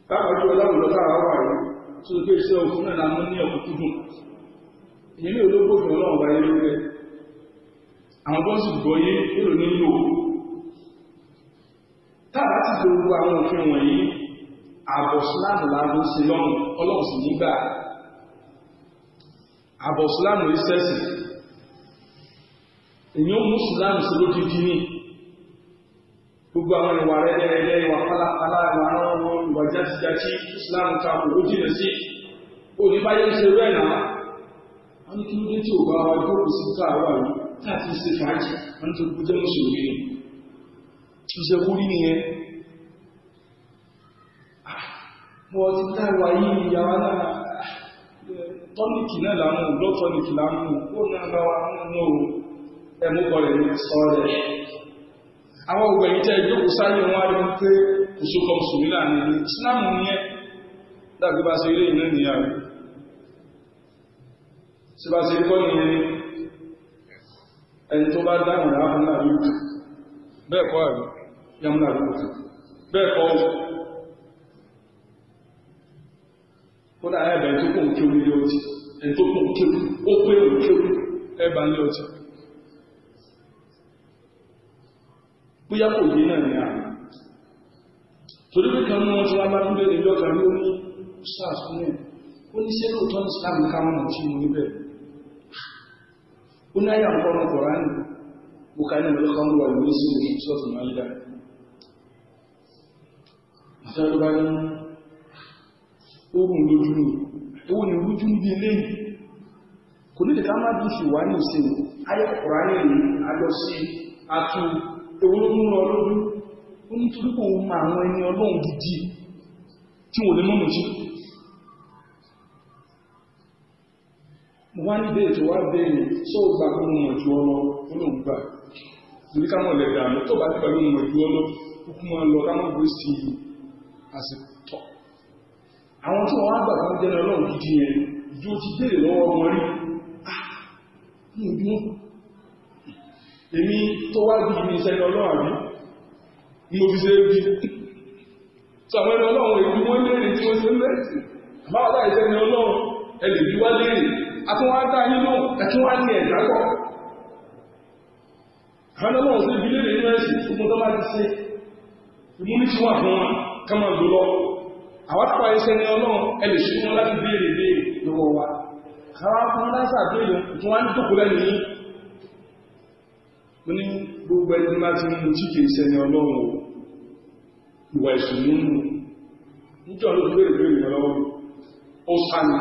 báwọn ọjọ́ ọlọ́run lọ́ta àwọn wà yìí tó gbé iṣẹ́ òfin náà lámú ní ọkùnkùn èyí ní olóògbé ọlọ́run wáyé lórí ẹ̀ àwọn tó sì gbọ́ yé èrò nílò táà láti gbogbo àwọn òfin wọ̀nyí àbọ̀sílámù láàrín sí lọ́rùn ọlọ́run sì nígbà àbọ̀sílámù ìsẹ́sì èyí ó mú sílámù sí lódìdí ní gbogbo àwọn ìwà rẹ̀rẹ̀rẹ̀ ìwà pálapàla ìwà ránwọ́ ìwà jájíjájí sílámù takò ó jìnà sí òní báyé ṣe rẹ̀ náà wọ́n ní kí ló dé tí ò bá wa jókòó sí káàárọ̀ yìí láti ṣe fàájì wọ́n tó gbújẹ́ mùsùlùmí ni ṣe kú rí nìyẹn mọ́ ti dáwà yìí ìyàwó náà tọ́nìkì náà lámú blọ́ tọ́nìkì lámú ó náà bá wà nínú ẹmú kọlẹ̀ ní sọ́ọ̀rẹ̀ àwọn ògbẹ̀yìn jẹ́ ìjókòó sáyé wọn rí pé òṣùkọ mùsùlùmí láàrin ní ìsìlámù nìyẹn dàgbé bá ṣe eré ìnáníyàwó sí bá ṣe rí kọ́ nìyẹn ẹni tó bá dáhùn láàrín láàrín òkú bẹ́ẹ̀ kọ́ àrí yẹmú láàrín bẹ́ẹ̀ kọ́ òkú ó dá ẹ̀bẹ̀ tó kùn kí orí ọtí ẹni tó kùn kí ó pé òun kí ẹbà ní ọtí bóyá kò yí náà ní àná torí pé kan ní wọn ti bá ń bẹ̀rẹ̀ ìjọ kan ní ó ní sars fún ẹ̀ ó ní sẹ́lóòtọ́ ìsìlámù káwọn ọ̀tí mú níbẹ̀ ó náyà ń kọ́nà kọ̀ránì bó ká ní ọlọ́kọ́ ń wà lórí sí orí sọ́ọ̀tù máìdá àṣà ni lójú ní bí ilé kò ní ìdíkà má dùn ṣùgbọ́n ní ìsìn ayé kọ̀ránì rí alọ sí atú ewu ló mú tí wọ́n lè mọ́mọ́ sí wọ́n ní bẹ́ẹ̀ tó wá bẹ́ẹ̀ só gbà pé mo mọ̀ ju ọlọ ó lóun gbà torí ká mọ̀ lẹ́dà àmì tó bá ti pẹ̀lú mọ̀ ju ọlọ ó kú máa lọ ká mọ̀ bó sì àsìkò àwọn tí wọ́n wá gbà kan jẹ́nu ọlọ́run gidi yẹn ju ti béèrè lọ́wọ́ wọn rí ní ah, ìbínú èmi tó wá bí ní sẹ́ni ọlọ́run àbí ní òfìsẹ́ bí tí àwọn ẹni ọlọ́run èyí wọ́n léèrè tí wọ́n ṣe ń bẹ́ẹ̀ sí àbáwọ̀dá ìsẹ́ni ọlọ́run ẹ lè bí wá léèrè àtúnwádá nínú ẹ̀túnwá ní ẹ̀dákọ́ hannibal sí ìbílẹ̀ rẹ̀ de ẹ̀sìn ogun tó bá ti ṣe mú ní tíwà fún wọn kama lò lọ àwátàwà iṣẹ́ ní ọlọ́run ẹlẹ̀ sí wọn láti béèrè béèrè lọ́wọ́ wa káwá fún lásà béèrè tí wọ́n ń dùkú lẹ́nu yìí mo ní gbogbo ẹni bá ti mú tí kìí ṣe ní ọlọ́run ìwà ìsùn nínú níjọ́ ló béèrè béèrè lọ́wọ́ ó sálà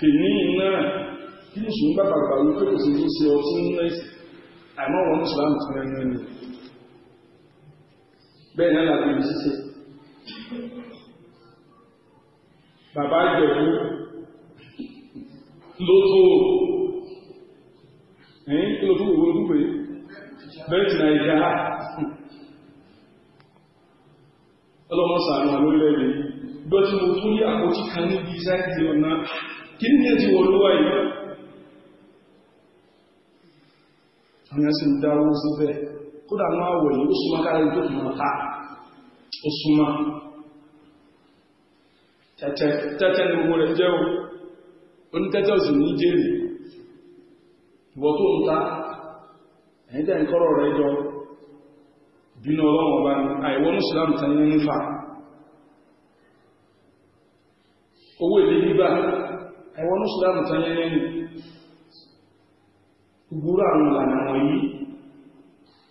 kìíní náà kí ní ṣùgbọ́n bàbàbà wípé kò sí ṣe ọtí nẹ́sì àmọ́ wọn ní ṣùgbọ́n fún ẹni ẹni bẹ́ẹ̀ náà làbí ibi ṣíṣe bàbá jẹ̀bú lótó ẹ̀yìn kí ló fún ìwé olúwe bẹ́ẹ̀tì nàìjíríà ọlọ́mọ sàánà lórílẹ̀-èdè gbọ́tí mo tún ní àkótí kan níbi iṣẹ́ ìdí ọ̀nà kí ní ti wọ̀ lówà yìí ọ̀nà sí dáwó síbẹ̀ kódà máa wọ̀ yìí ó súnmọ́ kára tó fi máa ta ó súnmọ́ tẹ́tẹ́ ní gbogbo rẹ̀ jẹ́ o onítẹ́tẹ́ òsì ní jẹ́rì ìwọ̀ tó ń ta ọba ni àìwọ́n mùsùlùmí tẹ́ ní nífà owó ẹwọ́n ní ìsìlámù tán yẹ́ lẹ́nu gbogbo àwọn ìlànà wọ̀nyí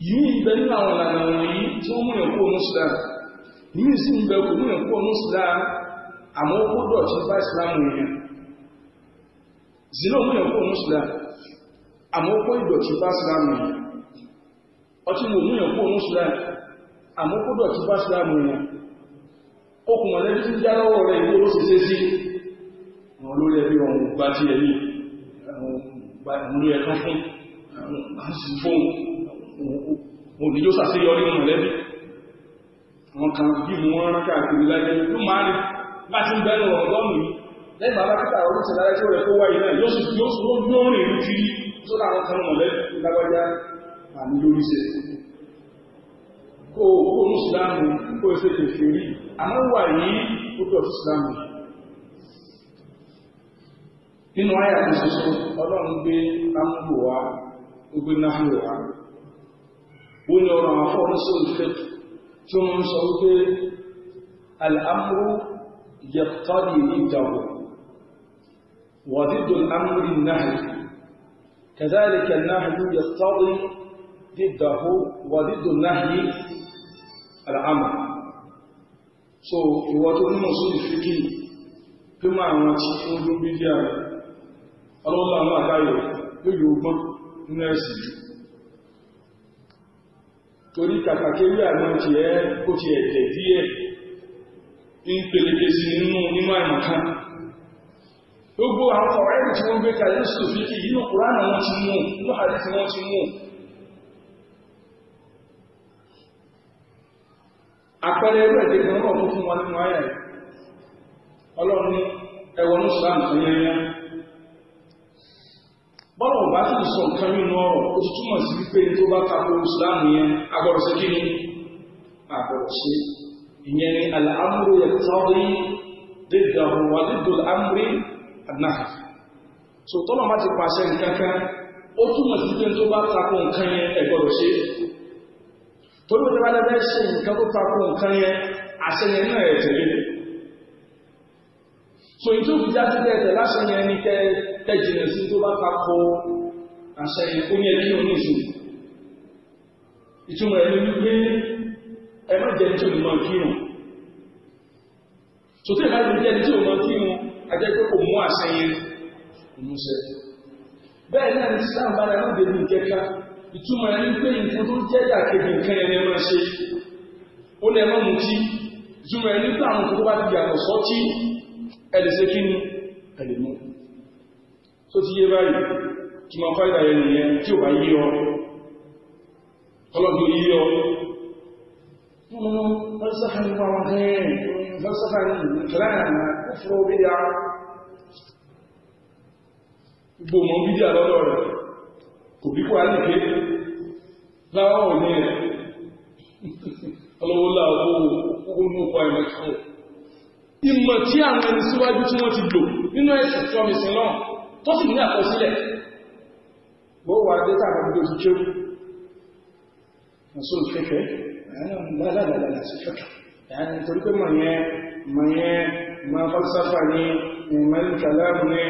yìí ìbẹ̀ nínú àwọn ìlànà wọ̀nyí tí wọ́n múyàn yìí bẹ múyàn ní ìsìlámù àmọ́ ó kó dọ̀tí bá ìsìlámù yẹn zina múyàn kó ní ìsìlámù àmọ́ ó kó ìdọ̀tí bá ìsìlámù yẹn ọtí mo múyàn àmọ́ ó bá ìsìlámù yẹn ó àwọn olórí ẹbí wọn ò gbá tí ẹbí àwọn olórí ẹ̀kan fún àwọn sì fóun òdìjó sàṣeyọrí wọn lẹ́bí àwọn kan bí mú wọn rán káàkiri láyé ló máa rí bá ti ń bẹ́nu ọ̀dọ́mù yìí lẹ́yìn bàbá kíkà ọdún ti lára tí ó rẹ̀ kó wáyé náà yóò sì yóò sì yóò rìn ìlú kiri tó láwọn kan mọ̀ lẹ́bí lágbájá àmì lórí ṣe kó o kó o mú sílámù kó o ṣe kèfèrí àmọ́ wà yìí ó dọ̀ sí sílámù yìí nínú àyà kan ṣoṣo ọlọ́run gbé amúlò wa ó gbé náhùn wa ó ní ọ̀rọ̀ àwọn afọ́nṣẹ́ òfin tí wọ́n ń sọ wípé al'amuru yẹ̀tọ́dì ní ìjàwó وضد الأمر النهي كذلك النهي يقتضي ضده وضد النهي الأمر so ìwọ tó ní mọ̀sùn ìfikí pí máa wọn tí ó dún bí díà rẹ̀ ọlọ́wọ́ àwọn àkáyò ló yóò gbọ́n nínú ẹ̀sìn jù torí kàkàkérí àwọn ti ẹ́ kó ti ẹ̀tẹ̀ díẹ̀ ń pèlèkè sí nínú nínú àìmọ̀ká gbogbo àwọn ọ̀rọ̀ ẹ̀rù tí wọ́n gbé kalẹ̀ sòfíkì nínú kùránà wọn ti mú nínú àdífì wọn ti mú àpẹẹrẹ ẹrù ẹ̀dẹ́ kan fún wọn nínú ayà ọlọ́run ẹwọ̀n sàn fún yẹn bọ́lọ̀ bá ti sọ nǹkan nínú ọ̀rọ̀ ó ti túmọ̀ sí wípé tó bá tako islam yẹn agbọ́dọ̀ sí kíni agbọ́dọ̀ sí ìyẹn ni al-amru yaqtadi diddahu wa diddu al-amri an so tọ́lọ̀ bá ti pàṣẹ nǹkan kan ó túmọ̀ sí pé tó bá tako nǹkan yẹn ẹgbọ́dọ̀ sí torí ó ti bá dẹ́gbẹ́ ṣe nǹkan tó tako nǹkan yẹn àṣẹ náà ẹ̀ tẹ̀lé so ètò ìjà ti tẹ̀ tẹ̀ láṣẹ yẹn ni kẹ́ tẹ̀ jìnà sí tó bá ta kọ àṣẹ yẹn ó ní ẹbí yẹn ní ìṣòro ìtumọ̀ ẹni wípé ẹ má jẹ́ tí òun máa kí wọn sòtẹ́ ìbájú jẹ́ tí òun máa kí wọn ajẹ́ pé kò mú àṣẹ yẹn kò mú ṣẹ bẹ́ẹ̀ náà ní sáà bára ẹ̀ má débi ìkẹ́kà ìtumọ̀ ẹni pé nǹkan tó jẹ́ ìdàkejì nǹkan ẹni ẹ máa ṣe ó ní ẹ má mutí ìtumọ̀ ẹni pé àwọn tó bá ti yàtọ̀ sọ́tí ẹ̀lẹ̀ ṣe kí ni ẹ̀lẹ̀ mú tó ti yé báyìí kí ma fà ìdàrẹ nìyẹn tí ò bá yí ọ ọlọ́dún yí ọ فلسفة المراهين فلسفة الكلام كفر وبدع gbogbo mọ̀ bídí àlọ́lọ́ rẹ̀ kò bí kò á lè ké láwọn òní rẹ̀ ọlọ́wọ́lá owó owó ní ọkọ̀ àìmọ̀ṣọ́ ìmọ̀ tí àwọn ẹni síwájú tí wọ́n ti lò nínú ẹ̀sùn tí ọmọ ìsìn náà tó sì ní àkọsílẹ̀ ó wà dẹ́ta àgbàgbé òṣìṣẹ́ ọ̀sọ́ ìfẹ́fẹ́ láàrínlẹ́lẹ́lẹ́lẹ́ sí fẹ́fẹ́ ẹ̀yàn nítorí pé mọ̀ yẹn mọ̀ yẹn ma falsafa ni ma kàlámù ni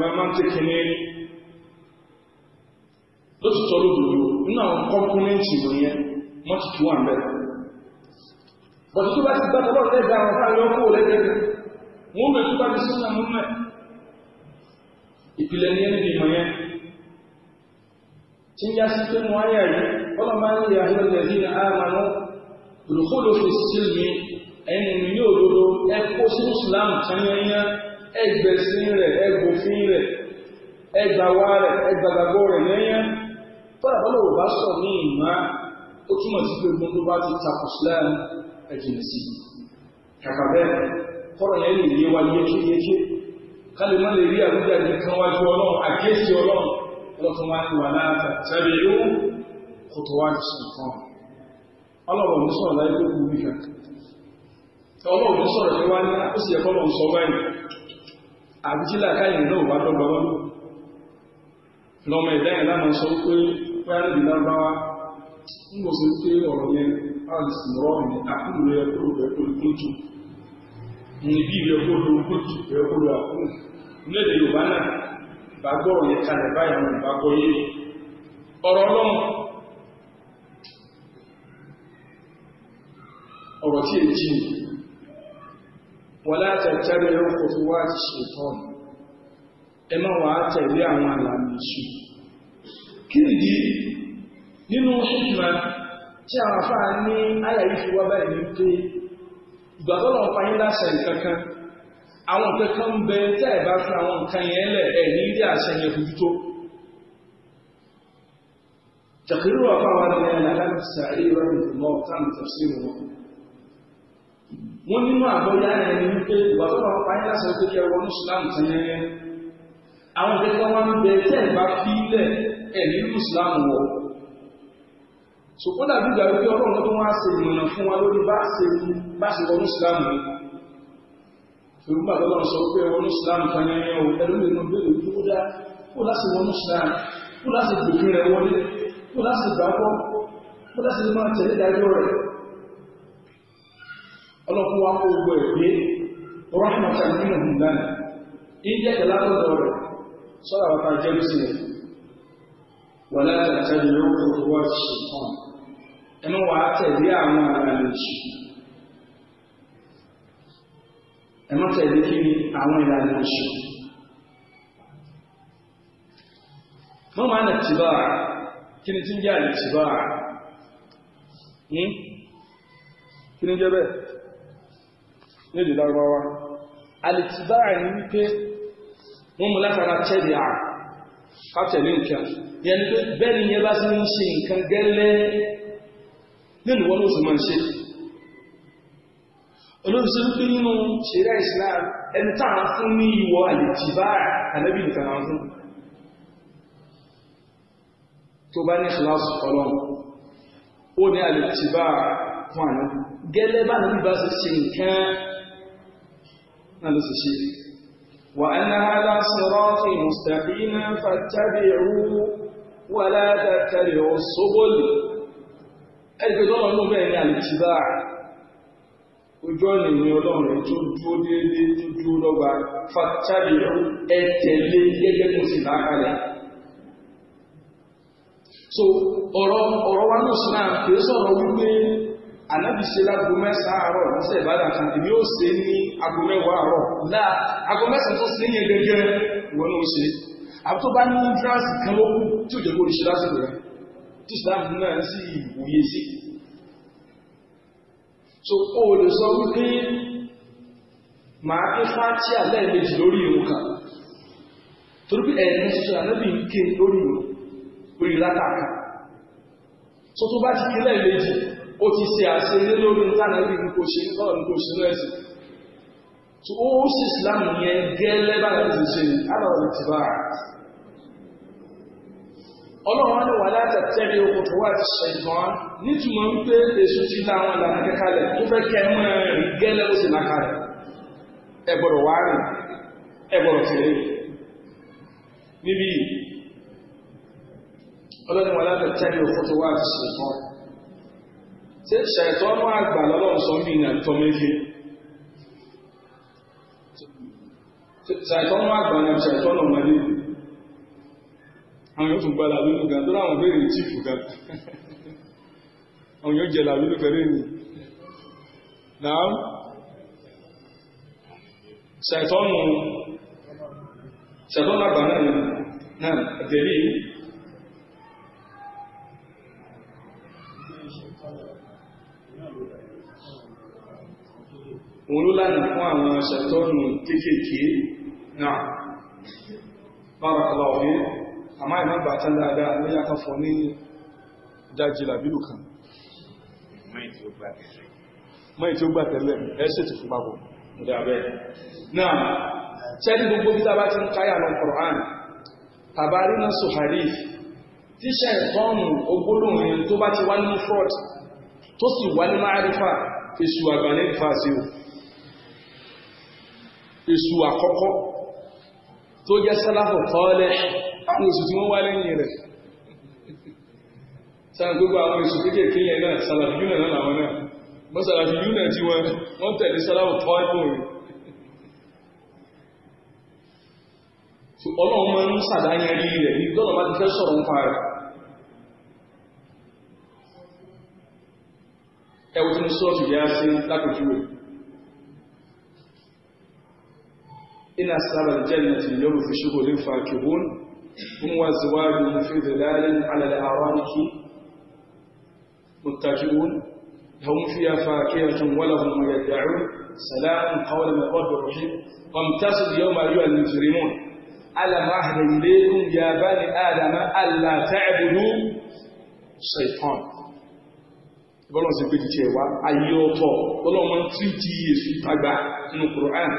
ma mọ́ntìkì ni lóṣìṣọ́ lódodo nínú àwọn kọ́mpónẹ́ntì wọ̀nyẹn mọ́tìkì wà mẹ́rin bọ̀tí tó bá ti gbá tọ́lọ́ lẹ́gbẹ̀ẹ́ àwọn káàlọ́ kó lẹ́gbẹ̀ẹ́ mú mẹ́ tó bá ti súnà mú mẹ́ ìpìlẹ̀ ní ẹni ìmọ̀ yẹn tí ń yá sí pé mú ayé rí ọlọ́ máa ń yà yọ lẹ́bí ní àmàlú olùkóòlò fi sí mi ẹni mi ní òdodo ẹ kó sí mùsùlùmù tanyanya ẹ gbẹ̀sìn rẹ̀ ẹ rẹ̀ ẹ gbàwá rẹ̀ ẹ gbàgbàgbọ́ rẹ̀ yanya tọ́lá bọ́lá ò bá sọ ní ìmọ̀ ó túmọ̀ sí pé gbogbo bá ti takò sílẹ̀ ẹ jìnà sí kàkà bẹ́ẹ̀ kọ́rọ̀ yẹn lè yé wa yékéyéké kálí má lè rí àbújáde kan wájú ọlọ́run àkéésí ọlọ́run ọlọ́tún wá ní wà láàtà tẹ́lẹ̀ yóò kò tó wá ní sùnfọ́n ọlọ́run ní sọ̀rọ̀ láyé tó kú wíkà ọlọ́run ní sọ̀rọ̀ tó wá ní ó sọ báyìí àbújílà الاستمرار من أقول يقول يقول كنت نبي يقول كنت يقول أقول nílẹ̀ Yorùbá náà ìbágbọ́ ọ̀yẹ̀ kalẹ̀ báyìí àwọn ìbágbọ́ yé ọ̀rọ̀ ọlọ́run ọ̀rọ̀ tí èjì ni wọ́n látẹ̀tẹ̀rẹ̀ ẹ̀rọ fún wá ti ṣètọ́n ẹ má wà á tẹ̀lé àwọn àlàmì ìṣù kí nìdí nínú ṣùgbọ́n tí àwọn afáà ní àyàyí fi wá báyìí ní pé ìgbàgbọ́lọ̀ pa yín láṣẹ nǹkan kan àwọn nǹkan kan ń bẹ tí àì bá fi àwọn nǹkan yẹn lẹ̀ ẹ̀ ní ilé àṣẹ yẹn fojú tó. Tàkìrú àfáwọn alẹ́ aláìsà ìrọ̀ ìgbìmọ̀ táwọn tẹ̀sí wọn. Wọ́n nínú àgbọ́yá yẹn ní pé ìgbàgbọ́lọ̀ pa yín láṣẹ kẹ́ wọnú Ìsìlámù tán yẹn Àwọn nǹkan kan bẹ tí àì bá fi ilẹ̀ ẹ̀ ní so ó dàbí ìgbà wípé ọlọ́run tó wá ṣe ìrìnà fún wa lórí bá ṣe bá ṣe wọnú ìsìlámù ni ṣùgbọ́n bàbá ọlọ́run sọ pé wọnú ìsìlámù kan yẹn yẹn o ẹlú lè nu bẹ́ẹ̀ lójú dá ó láti wọnú ìsìlámù ó láti gbòkè rẹ̀ wọlé ó láti gbàgbọ́ ó láti máa tẹ̀lé dájọ́ rẹ̀ ọlọ́kùn wa kó gbogbo ẹ̀gbé rọ́hìmọ̀tà nínú ìdáná ìjẹ́ kẹlá tó dọ̀rọ̀ sọ́ra wọ́ta jẹ́ bí sílẹ̀ wọ́n láti tẹ̀lé ó kó wá ṣe tán ẹnu wà á tẹ̀lé àwọn àgbàlẹ̀ òṣì ẹnu tẹ̀lé kí ni àwọn ìlànà òṣì wọ́n máa nà tìbà kí ni tí ń jẹ́ àlè tìbà kí ni jẹ́ bẹ́ẹ̀ ní èdè lárúbáwá àlè tìbà ni wípé wọ́n mú látara tẹ̀lé à ká tẹ̀lé nǹkan yẹn bẹ́ẹ̀ ni yẹn bá ti ń ṣe nǹkan gẹ́lẹ́ lẹ́nu wọn ló sì máa ń ṣe olóòsí pé nínú ṣẹ̀rẹ́ Islam ẹni táà fún ní ìwọ̀ àlètìbá ànábì nìkan àwọn fún tó bá ní ṣìláṣù ọlọ́run ó ní àlètìbá fún àná gẹ́lẹ́ bá níbi bá sì ṣe nǹkan náà ló sì ṣe wà ẹ̀nà aláṣọ́rọ́tì mustaqima fattabi'u wà látàtàrí ọ̀ṣọ́bọ̀lì ẹgbẹ́ tó lọ́nà bẹ́ẹ̀ ni àlètìbá ojú ọ̀nà ìní ọlọ́run tó dúó déédé tó dúó lọ́gba fàtàbí ẹtẹ̀lé gẹ́gẹ́ tó sì lákàlẹ̀ so ọ̀rọ̀ ọ̀rọ̀ wa náà sùn náà kìí sọ̀rọ̀ wípé ànábì ṣe lágbo mẹ́sàn-án àárọ̀ níṣẹ́ ìbàdàn kan èmi ó ṣe ní agbo mẹ́wàá àárọ̀ náà agbo mẹ́sàn-án tó ṣe yẹn gẹ́gẹ́ ìwọ náà ṣe àbútọ́ bá ní dírásì kan ló kù tí ò jẹ́ kó lè ṣe lásìkò rẹ̀ tí islam náà sì wòye sí so o lè sọ wípé màá pín fátíà lẹ́ẹ̀mejì lórí ìrun kan torí pé ẹ̀ẹ̀mí ṣoṣo ànábì ń ké lórí ìrun orí látàkà so tó bá ti ké lẹ́ẹ̀mejì ó ti ṣe àṣeyé lórí ìtànàbì ní kò ṣe náà ní kò ṣe náà sí so ó sì islam yẹn gẹ́lẹ́ bá ti ṣe ní àbáwọ̀ ti ọlọ́run wọn ni wà látẹ̀tẹ̀rẹ̀ okòtò wà ti ṣẹ̀gbọ́n nítumọ̀ ń pé èso ti la àwọn ìlànà kẹkalẹ̀ tó fẹ́ kẹ́ mọ́ rí gẹ́lẹ́ ó sì lákalẹ̀ ẹ gbọ́dọ̀ wá rìn ẹ gbọ́dọ̀ tẹ̀lé níbi ọlọ́run wà látẹ̀tẹ̀rẹ̀ okòtò wà ti ṣẹ̀gbọ́n ṣe ṣẹ̀tọ́ mọ́ àgbà lọ́lọ́run ni àwọn yóò tún gbọ́lá lónú gan tó láwọn béèrè chief gan àwọn yóò jẹ́lá lónú pẹ̀lú ìní náà ṣàìtọ́nù ṣàìtọ́nù àgbà náà náà àtẹ̀lé òun ló lánàá fún àwọn ṣàìtọ́nù kéékèèké náà bára ọlọ́ọ̀fẹ́ àmá ìmá gbà tán dáadáa ní yàtọ̀ fún ní ìdájí làbílù kan mọ́ ìtí ó gbà tẹ́lẹ̀ ẹ́ṣẹ́ ti fún papọ̀ ìdàbẹ̀ náà tẹ́lẹ̀ gbogbo bí tábá ti ń káyà lọ Qur'an tàbárí náà sùhàrí tíṣẹ́ ìtọ́nù ogólóhùn yẹn tó bá ti wá nínú fraud tó sì wá ní máàrífà èṣù jẹ́ sálàfù fọ́ọ́lẹ̀ àwọn èsù tí wọ́n wá lẹ́yìn rẹ̀ sáà gbogbo àwọn èsù kéékèèké yẹn náà sàlàfí yúnà náà làwọn náà wọ́n sàlàfí yúnà tí wọ́n wọ́n tẹ̀lé sàlàwọ̀ tọ́ ẹ̀kọ́ rẹ̀ ọlọ́run máa ń sàdáyàn rí rẹ̀ ní lọ́nà bá ti fẹ́ sọ̀rọ̀ ń pa rẹ̀ ẹwù tí ń sọ́ọ̀tù yá sí lápòjúwò ina sábà jẹ́ ìrìnàtì yóò fi ṣúgbò ní fa kìbún هم وأزواجهم في ظلال على الأعوانك متكئون لهم فيها فاكهة ولهم ما يدعون سلام قول من رب رحيم وامتازوا اليوم أيها المجرمون ألم أهد إليكم يا بني آدم ألا تعبدوا الشيطان bọ́lọ̀ sí pé ti ṣe wá ayé ọ̀tọ̀ bọ́lọ̀ tí ti yèsù tagbà nínú Kùránì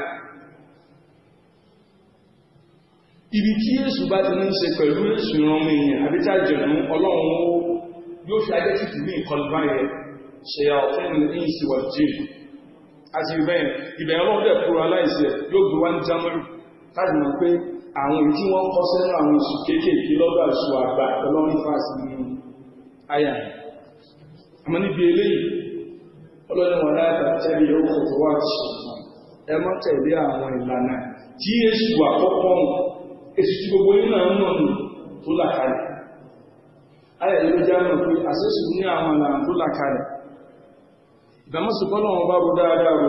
ibi tí èsù bá ti ní ṣe pẹ̀lú èsù ìrànmù èèyàn àbíta jẹ̀nú ọlọ́run ó yóò fi agẹ́tìtì ní ìkọlùbá yẹ ṣe ọ̀fẹ́ni ní ìsìwà jìn àti ìbẹ̀yìn ìbẹ̀yìn ọlọ́run dẹ̀ kúrò aláìsẹ̀ yóò gbé wá ní jámọ́rì láti mọ̀ pé àwọn èyí tí wọ́n wà láyàtà tẹ́lẹ̀ yóò kọ̀ tó wá ti ṣe ẹ má tẹ̀lé àwọn ìlànà tí èsù àkọ́kọ́ esiti tí gbogbo yìí náà mọ̀ ní tó làkalẹ̀ ayẹ̀ ló já mọ̀ pé àṣẹ́sù ama na àlànà tó làkalẹ̀ ìdámọ́sùpọ́nà wọn bá bó dáadáa ìlànà bẹ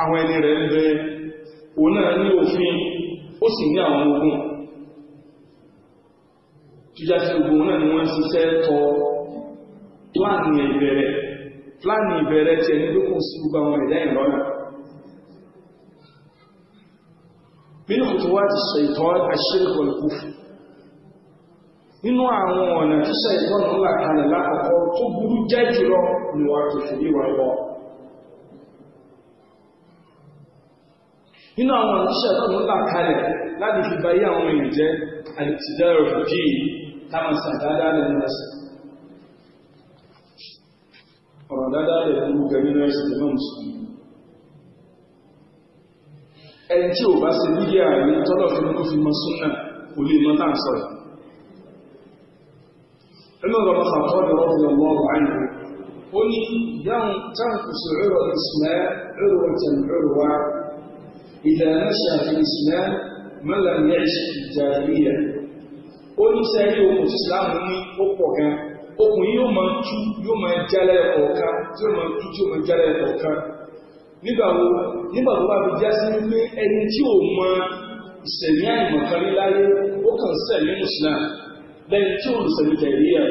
àwọn ẹni náà ní òfin ní àwọn ogun pláàni ìbẹ̀rẹ̀ tí ẹni lókùn sí gbogbo àwọn ẹ̀dá ìlọ́nà nínú kòtò wá ti sọ ìtọ́ àṣírìkọ̀ ìkúfù nínú àwọn ọ̀nà tí sọ ìtọ́ ńlá kalẹ̀ lákọ̀ọ́kọ́ tó burú jẹ́ jùlọ ni wà tó fi wà lọ nínú àwọn ọ̀nà tí sọ ìtọ́ ńlá kalẹ̀ láti fi bayé àwọn èèyàn jẹ́ àìtìdẹ́rọ̀ fìdí táwọn sàdáadáa lẹ́nu ẹsẹ̀ ọ̀rọ̀ dáadáa lè fún gẹ̀mí náà sí ìmọ̀ mùsùlùmí ẹni tí ò bá ṣe nílé ààrẹ tọ́lọ̀ fún kó fi mọ súnà kò lè mọ náà sọ̀rọ̀ ẹnu ọ̀rọ̀ kàtọ́ ni wọ́n fi ọmọ ọ̀rọ̀ àyè okùn yìí yóò máa tú yóò máa jálẹ̀ ọ̀kan tí yóò máa tú tí yóò máa jálẹ̀ ọ̀kan nígbàwo nígbàwo bá fi já sí wípé ẹni tí ò mọ ìsẹ̀mí àìmọ̀kan rí láyé ó kàn sẹ̀mí mùsùlùmí lẹ́yìn tí ò sẹ̀mí tẹ̀lé ẹ̀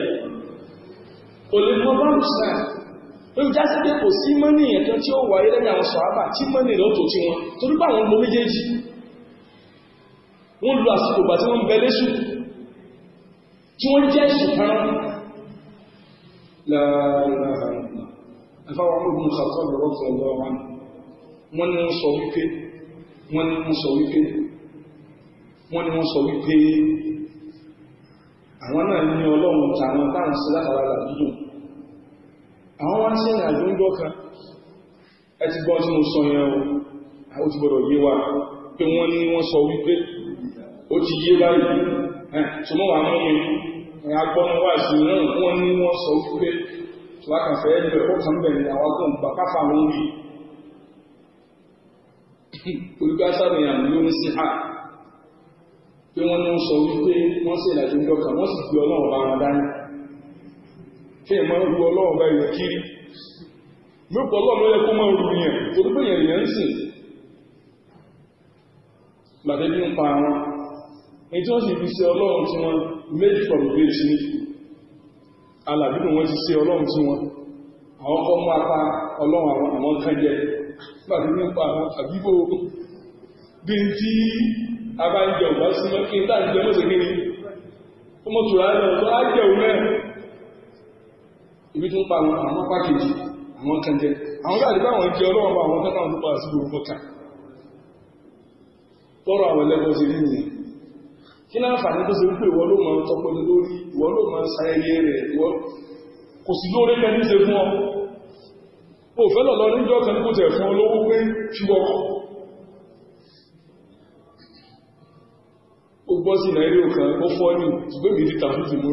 kò lè mọ bá mùsùlùmí ó já sí pé kò sí mọ́nì ẹ̀kan tí ó wáyé lẹ́yìn àwọn sọ̀hábà tí mọ́nì rẹ̀ ó wọn torí pé àwọn ọmọ méjèèjì wọ́n lu àsìkò ìgbà tí wọ́n ń bẹ lẹ́sùn tí wọ́n jẹ́ ìṣùkárán لا إله إلا الله الفاو عمر بن الخطاب رضي الله عنه wọ́n ní wọ́n sọ wípé wọ́n ní wọ́n sọ wípé wọ́n ní wọ́n sọ wípé àwọn náà ní ọlọ́run tàwọn bá ń sí látara làdúdùn àwọn wá sí ìrìnàjò ń dọ́kan ẹ ti gbọ́ tí mo sọ yẹn o àwọn ti gbọ́dọ̀ yé wa pé wọ́n ní wọ́n sọ wípé ó ti yé báyìí ẹ̀ tó mọ́ wà mọ́ mi ìyá gbọ́nà wà sí náà wọ́n ní wọ́n sọ wípé lákàfẹ́ ẹgbẹ́ ó kàn bẹ̀rẹ̀ àwọn tó ń káfà wọn rí olùgbà sábẹ̀yàn ló ń sí à pé wọ́n ní wọ́n sọ wípé wọ́n sì ìlàjì ńjọ kan wọ́n sì fi ọlọ́run bá wọn dání kí ẹ̀ máa ru ọlọ́run bá yẹn kiri mẹ́pọ̀ ọlọ́run ló yẹ kó máa ru yẹn torí pé yẹn yẹn ń sìn gbàdébí ń pa wọn èyí tí wọ́n sì fi ṣe ọlọ́run tí wọ́n made from grace ní alàbínú wọn ti ṣe ọlọ́run sí wọn àwọn kọ́ mú apá ọlọ́run àwọn àwọn kan jẹ pàtó nípa àwọn àbíbò bí n tí a bá ń jẹ ọ̀gbá sí mọ́ kí n tá ń jẹ mọ́sẹ̀ kí ni ó mọ́ tùrà lọ tó á jẹ òun náà ibi tó ń pa àwọn pàkejì àwọn kan jẹ àwọn káàdì bá àwọn jẹ ọlọ́run bá àwọn tẹ́kọ̀ọ́ tó pa sí gbogbo kan tọrọ àwọn ẹlẹ́gbọ́n sí rí nìyẹn kí láǹfààní tó ṣe wípé ìwọ ló máa tọpọlẹ lórí ìwọ ló máa ṣayẹyẹ rẹ̀ ìwọ kò sí lórí pẹ̀lú ṣe fún ọ o fẹ́ lọ̀lọ́ níjọ́ kan kó tẹ̀ fún olówó pé ṣùgbọ́n ó gbọ́ sí nàíríò kan ó fọ́ ní ṣùgbọ́n ìbí ti tàbí ti mú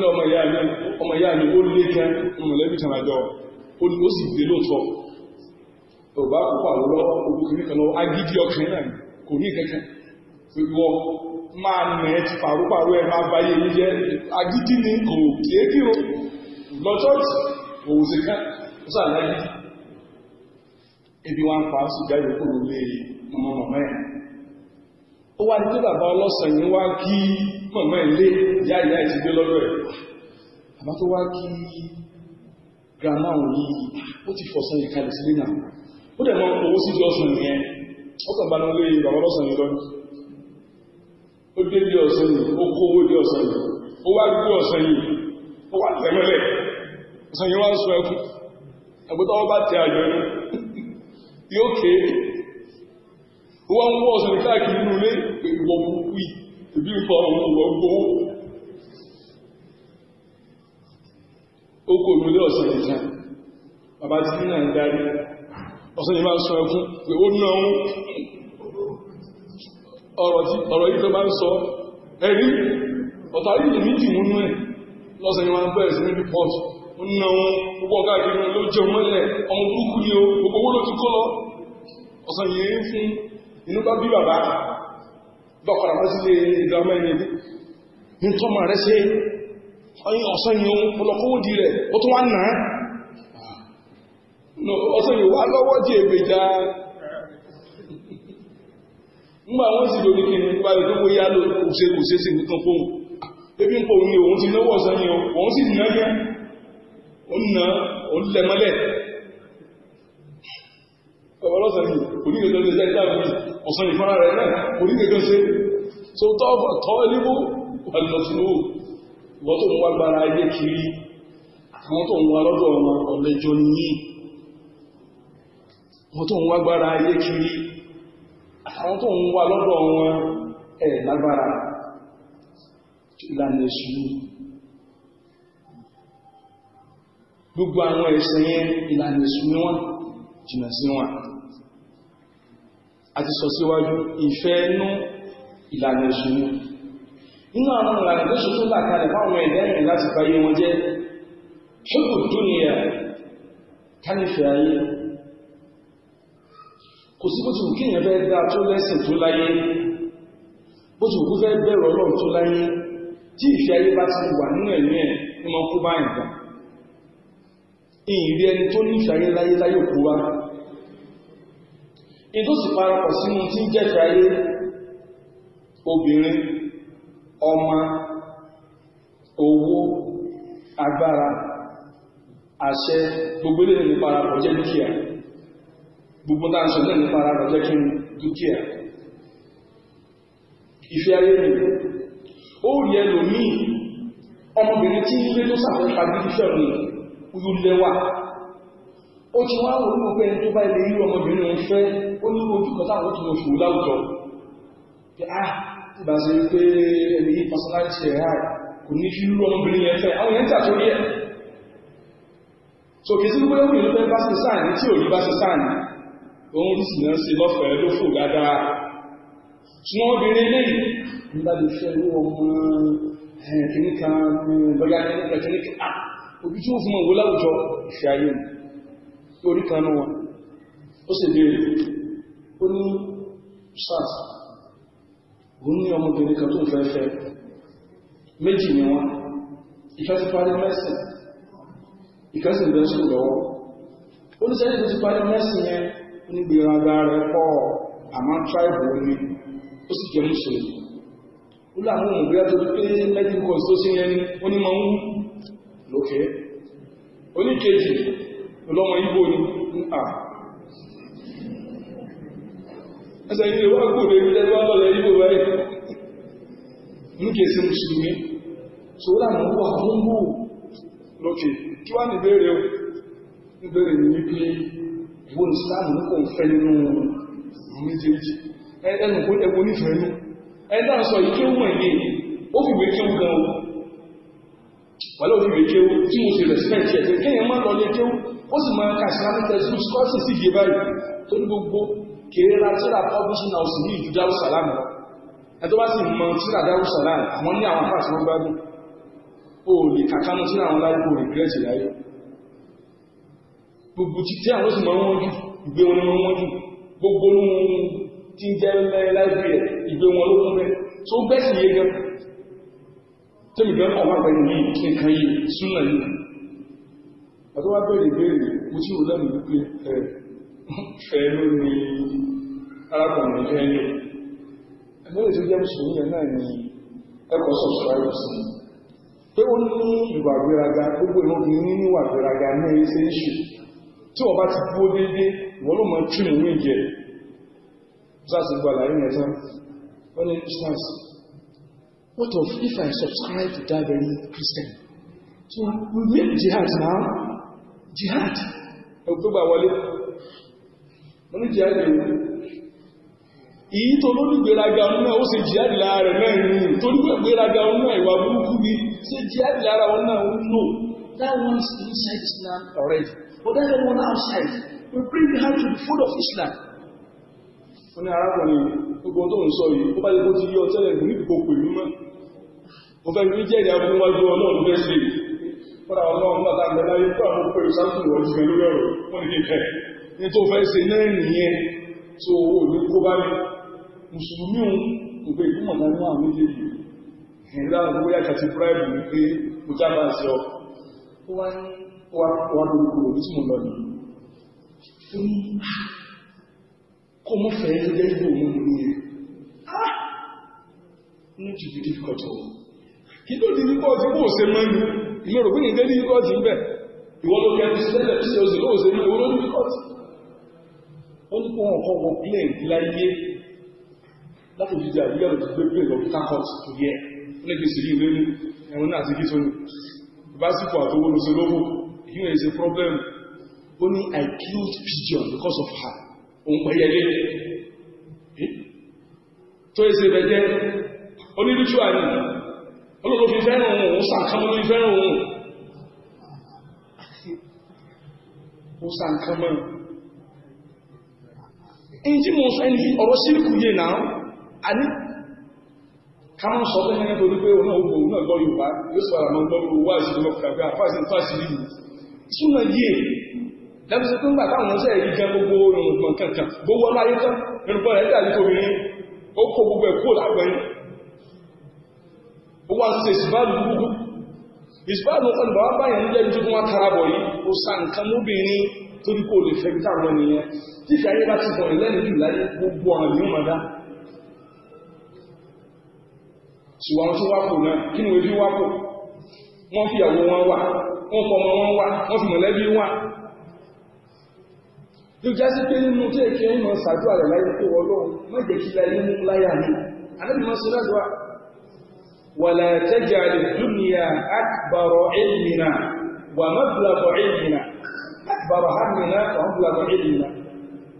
náà wọ́n ní ọmọ ìyá ìwọ máa nà ẹ́ ti pàrúpàrú ẹ̀ máa báyé yín jẹ́ agídí ni kò kéé kíró lọ òun ṣe ebi wa ń pa sùgbà yòókù lè mọmọ mọmọ ẹ ó wá ní pé bàbá ọlọ́sàn yìí wá kí mọ̀mọ́ ilé ìyá ìyá ìti gbé lọ́dọ̀ ẹ̀ bàbá tó wá kí òun yìí ó ti fọ̀sán sílé náà ó dẹ̀ mọ́ owó sí ó dé ilé ọ̀sán yìí ó kó owó ilé ọ̀sán yìí ó wá gbé ọ̀sán yìí ó wá tẹ̀mọ́lẹ̀ ọ̀sán yìí wá sọ ẹkún ẹgbẹ́tọ́ wọ́n bá tẹ àjọ ní yóò ké ó wá ń wọ́ ọ̀sán káàkiri nínú ilé ìwọ̀ burúkú ìbí nǹkan ọ̀hún ìwọ̀ gbowó ó kò ní ilé ọ̀sán yìí sàn bàbá tí náà ń darí yìí máa sọ ẹkún pé ó náà ọ̀rọ̀ yìí tó bá ń sọ ẹ̀rí ọ̀tà yìí méjì múnú ẹ̀ lọ́sẹ̀ yìí bẹ̀rẹ̀ sí níbi pọ́ọ̀tù ó wọn púpọ̀ káàkiri ló jẹun ọmọ burúkú ni gbogbo ló ti lọ ọ̀sán yìí fún inú bá bí bàbá bá padà sílé ìdámẹ́ ni ní ṣe nígbà wọ́n sì lórí kí ní parí tó bóyá ló ṣe kò ṣe sí nǹkan fóun ebi ń pò ní òun ti náwọ̀ sọ ni òun sì ná yẹn ó ná òun lẹ mọ́lẹ̀ ọ̀pọ̀lọ́sàn ni onígbèjọ́ ṣe jẹ́ ìtàbí ọ̀sán ìfọ́nra rẹ̀ náà onígbèjọ́ ṣe tó tọ́ ilébó wà lọ́sùn ó wọ́n tó ń wá gbára ayé kiri àwọn tó ń wá lọ́dọ̀ ọmọ ọ̀lẹ́jọ́ ní wọ́n tó ń wá gbára ayé kiri àwọn tó ń wà lọ́dọ̀ wọn ẹ̀ lágbára ìlànà ìṣúlù gbogbo àwọn ẹ̀sẹ̀ yẹn ìlànà ìṣúlù wọn jìnà sí wọn a ti sọ síwájú ìfẹ́ inú ìlànà ìṣúlù nínú àwọn ìlànà tó ṣùgbọ́n là kalẹ̀ fáwọn ẹ̀dẹ́rìn láti báyé wọn jẹ́ ṣùgbọ́n dúnìyà kánífẹ̀ẹ́ ayé kò sí bó ti wù kíyàn fẹ́ dá tó lẹ́sìn tó láyé bó ti wù kú fẹ́ bẹ̀rù ọlọ́run tó láyé tí ìfẹ́ ayé bá ti wà nínú ẹ̀mí ẹ̀ ní wọn kó bá ìgbà ìrírí ẹni tó ní ìfẹ́ ayé láyé òkú wa in tó sì parapọ̀ sínú tí ń jẹ́fẹ́ ayé obìnrin ọmọ owó agbára àṣẹ gbogbo ilé ìparapọ̀ jẹ́ dúkìá gbogbo tá à ń sọ náà nípa ara rẹ̀ jẹ́ kí n dúkìá ìfẹ́ ayé rẹ̀ ó rí ẹlòmíì ọmọbìnrin tí ń lé tó sàfẹ́fà bí fífẹ́ mi oyú lẹ́wà ó ti wá wò ní òpin tó bá ilé irú ọmọbìnrin òun fẹ́ ó ní ojú kan táwọn tó lọ fòó láwùjọ pé á ìgbà sí pé ẹni yìí personality ẹ̀ ráì kò ní fi irú ọmọbìnrin yẹn fẹ́ àwọn yẹn tà tó rí ẹ̀ so kì í sí pé ó yẹ ló fẹ́ bá ṣe sáà ní tí ò ní bá ṣe sáà ní òun sì náà ṣe lọ́fẹ̀ẹ́ ló fò dáadáa ṣùgbọ́n obìnrin lẹ́yìn ń bá lè fẹ́ owó ọmọ kìíní kan lọ́yà kìíní kan kìíní kan òbí tí ó fún òun láwùjọ ìfẹ́ ayé mi lórí kan náà ó sì béèrè ó ní sars òun ní ọmọbìnrin kan tó ń fẹ́ fẹ́ méjì ni wọ́n ìfẹ́ ti parí mẹ́sìn ìkẹ́sìn bẹ́ẹ̀ sùn lọ́wọ́ ó ní sẹ́yìn tó ti parí mẹ́sìn yẹn onígbèraga rẹ̀ pọ̀ àmọ́ tribe omi ó sì jẹ́ mùsùlùmí ó láwọn ohun ìgbéra tó pé medical course tó sí ẹni ó ní máa ń wú lókè oníkejì ọlọ́mọ ibo ni ń à ẹsẹ̀ ilé wá gbòdè ilé wá lọ́lẹ̀ ibo báyìí oníkejì mùsùlùmí tó láwọn wà fún wù lókè kí wá ní ìbéèrè ìbéèrè ní pé ìwọ ìsìláàmù ní kò fẹ́ nínú méjèèjì ẹnu kó ẹgbó nífẹ̀ẹ́ nú ẹ̀dá sọ yìí kí ó mọ̀ ilé ó fi wé kí ó gan o pẹ̀lú òfin wé kí ó tí mo sì respect ẹ̀ pé kéèyàn má lọ lé kí ó ó sì máa ka islamic textbooks kọ́sì sí ìdí báyìí tó ní gbogbo kéré ra tíra publishing house ní ìlú darussalam ẹ tó bá sì mọ tíra darussalam àwọn ní àwọn afáàsì wọn gbádùn ó lè kàkánú tíra àwọn láyé kò regret láyé gbogbo títí àwọn sì máa wọ́n jù ìgbé wọn ni wọ́n wọ́n jù gbogbo olóhun tí ń jẹ́ mẹ́rin láìpẹ́ ìgbé wọn ló kún bẹ́ẹ̀ tó bẹ́ sì yé gan tẹ́lẹ̀ ní arákùnrin fẹ́ ó ní ìwà gbéraga ní níwà gbéraga náà tí wọ́n bá ti dúó déédéé wọ́n ló máa tún ìwé ìjẹ́ sáàsì gba àlàyé yẹn tán wọ́n ní instance what of if I subscribe to that very Christian so we make jihad now jihad ẹgbẹ́ gbà wọlé wọ́n ní jihad yìí èyí tó ló ní gbéraga ọ̀nà ó ṣe jihad lára rẹ̀ náà ní tó ní gbéraga ọ̀nà ìwà burúkú ni ṣe jihad lára ọ̀nà ó lò that one's inside Islam already But then anyone outside will bring you hand to the fold of Islam. Wọ́n ní arákùnrin gbogbo tó ń sọ yìí, ó bá lè bó ti yí ọtẹ́lẹ̀ ìlú ní gbogbo pẹ̀lú mọ́. Mo fẹ́ ní jẹ́ ìyá fún wájú ọlọ́run bẹ́ẹ̀ sí. Fọ́nà ọlọ́run bàtà ń bẹ láyé fún àwọn pẹ̀lú sáfún ìwọ̀n ti pẹ̀lú ẹ̀rọ. Wọ́n ní kẹ́ ní tó fẹ́ ṣe náà nìyẹn tó owó ní kó bá rí. Mùsùlùmí òun kò fẹ́ ìkúmọ̀ dání àwọn méjèèjì. Ìrìnlá àwọn bóyá kàti fúráìbù ní pé mo jábà sí ọ. Ó wá ní wọ́n ló kúrò tí mo lọ ní torí ah, kó mọ́ fẹ́ gẹ́gẹ́ bí òun ní rẹ̀ ah ní jù bí difficult ọ̀rọ̀ kí ló di nípa ọdún kó ṣe mọ́ni ìlú rò pín ìgbé difficult ń bẹ̀ ìwọ́n ló kẹ́ sílẹ̀ tí ó sì ló ṣe mọ́ ìwọ́n ló difficult ó ní kó wọn kọ́ wọn plane láyé láti òjijì àbíyà ló ti gbé plane lọ kákọ́t tó yẹ ó lè fi sí ilé ní náà ti kí tó ìbásíkò àtọwọ́ ló ṣe you is a problem ó ní i killed pigeon because of her le. is òun pẹ̀yẹlé tó ẹsẹ̀ bẹ̀jẹ́ onídújú àní olóòlò fi fẹ́ràn òun òun sàǹkámọ́ ló fi fẹ́ràn òun ó sàǹkámọ́ in tí mo sọ ẹni ọ̀rọ̀ sílùkù yìí náà àní káwọn sọ pé ẹni tó ní pé òun náà gbọ́ Yorùbá yóò sọ àmọ́ gbọ́ Yorùbá ìṣẹ́lẹ̀ súnmọ̀ díẹ̀ lẹ́bùsí tó ń gbà táwọn ọ̀sẹ̀ yìí gan gbogbo ìrùngbọ̀n kankan gbogbo ọmọ ayé tán ìrùngbọ̀n rẹ̀ dàbí obìnrin ó kó gbogbo ẹ̀kọ́ lágbẹ̀ẹ́ ó wá sí ìsìbáàlù gbogbo ìsìbáàlù ọ̀kan bàbá báyẹn ń jẹ́ tuntun wọn tara bọ̀ yìí ó sa nǹkan torí kò lè fẹ́ bí táwọn tí ìfẹ́ ayé bá ti bọ̀ lẹ́nu jù láyé gbogbo ọ̀ràn ni ó máa dá ṣùgbọ́n tí wákò náà kí ni ojú wákò wọ́n fi àwọn wọn wà wọ́n fọmọ wọn wà wọ́n fi mọ̀lẹ́bí wà yóò já sí pé nínú tí èké ń mọ̀ sàdúrà rẹ̀ láyé pé ọlọ́run má jẹ́ láyé mú láyà mi àdébí mọ́ sí lọ́dọ̀à wàlà tẹ́jà lè dúnìyà àkbàrọ̀ ìlmìnà wà mọ́bùlàbọ̀ ìlmìnà àkbàrọ̀ hàmìnà wà mọ́bùlàbọ̀ ìlmìnà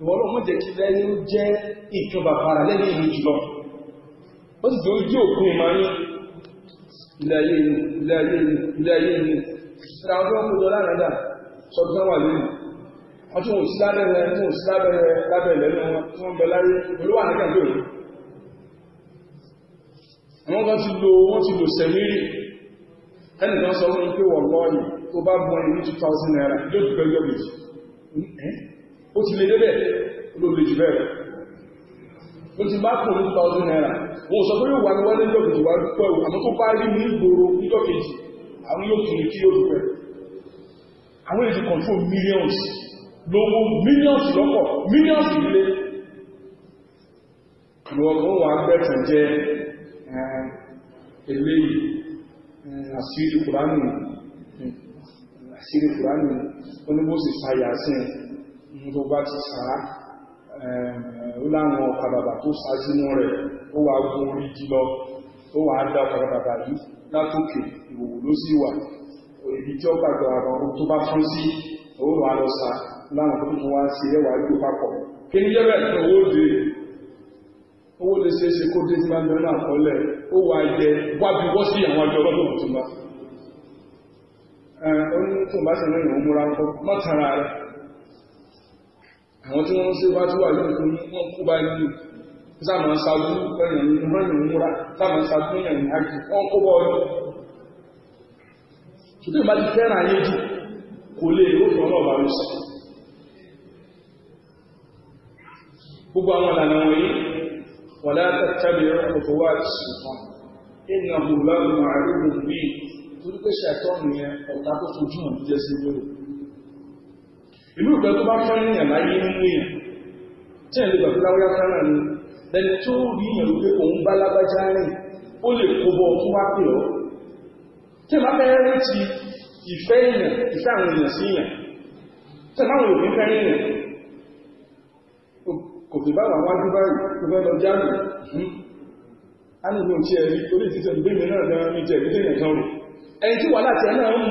ìwọ́lọ́ mọ́ jẹ́ kí láyé jẹ́ ìjọba para lẹ́yìn ìlú jùlọ ó sì tó ojú síra ọjọ́ òkúdọ̀ lánàdà sọ́dún wà lónìí wọ́n tún òsí lábẹ́rẹ́ tún òsí lábẹ́rẹ́ lábẹ́rẹ́ lẹ́nu wọn tí wọ́n bẹ láyé olówó àníkà tó rí àwọn kan ti lo wọ́n ti lò sẹ̀mírì ẹnì kan sọ fún pé wọ̀n lọ́ọ̀yì tó bá gbọ́n ní 2000 naira yóò ti gbẹ́gbẹ́ bèjì ó ti lè débẹ̀ ló lè jù bẹ́ẹ̀ ló ti bá kùn ní 2000 naira wọn sọ pé yóò wà ní wọ́n ní lọ́gbẹ̀jì wà pẹ̀lú àmọ́ tó bá rí ní ìgboro níjọ́ kejì àwọn yóò kìí kí yóò dùpẹ̀ àwọn èdè control millions lówó millions lọ́pọ̀ millions nílé ìwọ̀n wà gbẹ̀tàn jẹ́ eh, eléyìí eh, àṣírí kùránì eh, àṣírí kùránì onígbòsì sáyà sí tó bá ti sáà ó láwọn ọ̀kadàbà tó sáájínú rẹ̀ ó wà gún orí jí lọ ó wà á dá ọ̀kadàbà yìí látòkè ìwòwò ló sì wà ebi tí ó gbàgbọ́ àwọn ohun tó bá fún sí láwọn tó tún wá sí ẹwà ìlú papọ̀ kí ní yẹ́bẹ̀ tó owó dé owó lè ṣe é ṣe kó dé tí máa ń bẹ̀rẹ̀ náà ó wà jẹ sí àwọn àjọ ọlọ́dún tó tún bá bá ṣe lẹ́yìn òun ṣùgbọ́n ìbá ti fẹ́ràn ayé jù kò lè rófin ọlọ́ọ̀bá ló sọ gbogbo àwọn ìlànà wọ̀nyí wà látàtàbí ọkọ̀ wà ti sùn ìnà hùlọ́rù àríwùn bí torí pé ṣàtọ́nù yẹn ọ̀tá tó fojú ìlú ìgbẹ́ tó bá fẹ́ yìnyàn láyé nínú yẹn tí ẹ̀ lè gbà fẹ́ràn ni lẹni tó rí yẹn wípé òun bá lágbájá rìn ó lè kó bọ́ fún wá pè ọ́ tí ma fẹ́ rí ti ìfẹ́ èèyàn ìfẹ́ àwọn èèyàn sí èèyàn tí ma wòye fẹ́ èèyàn kò fi bá wà wájú báyìí tó fẹ́ lọ jáde hmm. a ní ìlú tí ẹ̀rí orí ìtìtẹ̀ ìgbé mi náà gan-an ní jẹ́ ìdílé yẹn kan rò ẹni tí wà láti ẹ̀ náà ń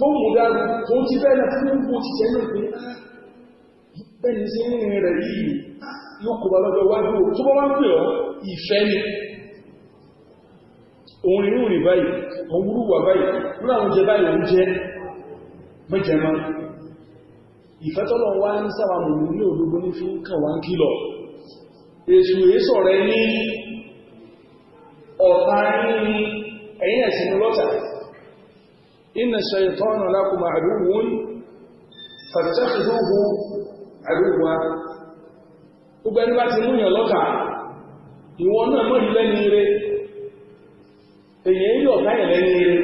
tó mú dáru tó ti bẹ́ẹ̀ náà fún gbogbo ti jẹ́ náà pé ah, bẹ́ẹ̀ ni sí rẹ̀ yìí yóò kó bá lọ́jọ́ wájú tó bá wá pè ọ́ ìfẹ́ ni òun inú rìn báyìí òun burú wà báyìí rú àwọn jẹ báyìí òun jẹ mẹ́jẹ mọ́ ìfẹ́ tọ́lọ̀ wá ń sáwà mọ̀mù ní òdodo ní fi ń kàn wá ń kìlọ̀ èṣù èṣọ̀ rẹ ní inna shaytana lakum aduwwun fattakhidhuhu aduwwa gbogbo ẹni bá ti múyàn lọ́tà ìwọ náà mọ̀ ilẹ́ ní ire èyàn yóò káyẹ̀ lẹ́ni rẹ̀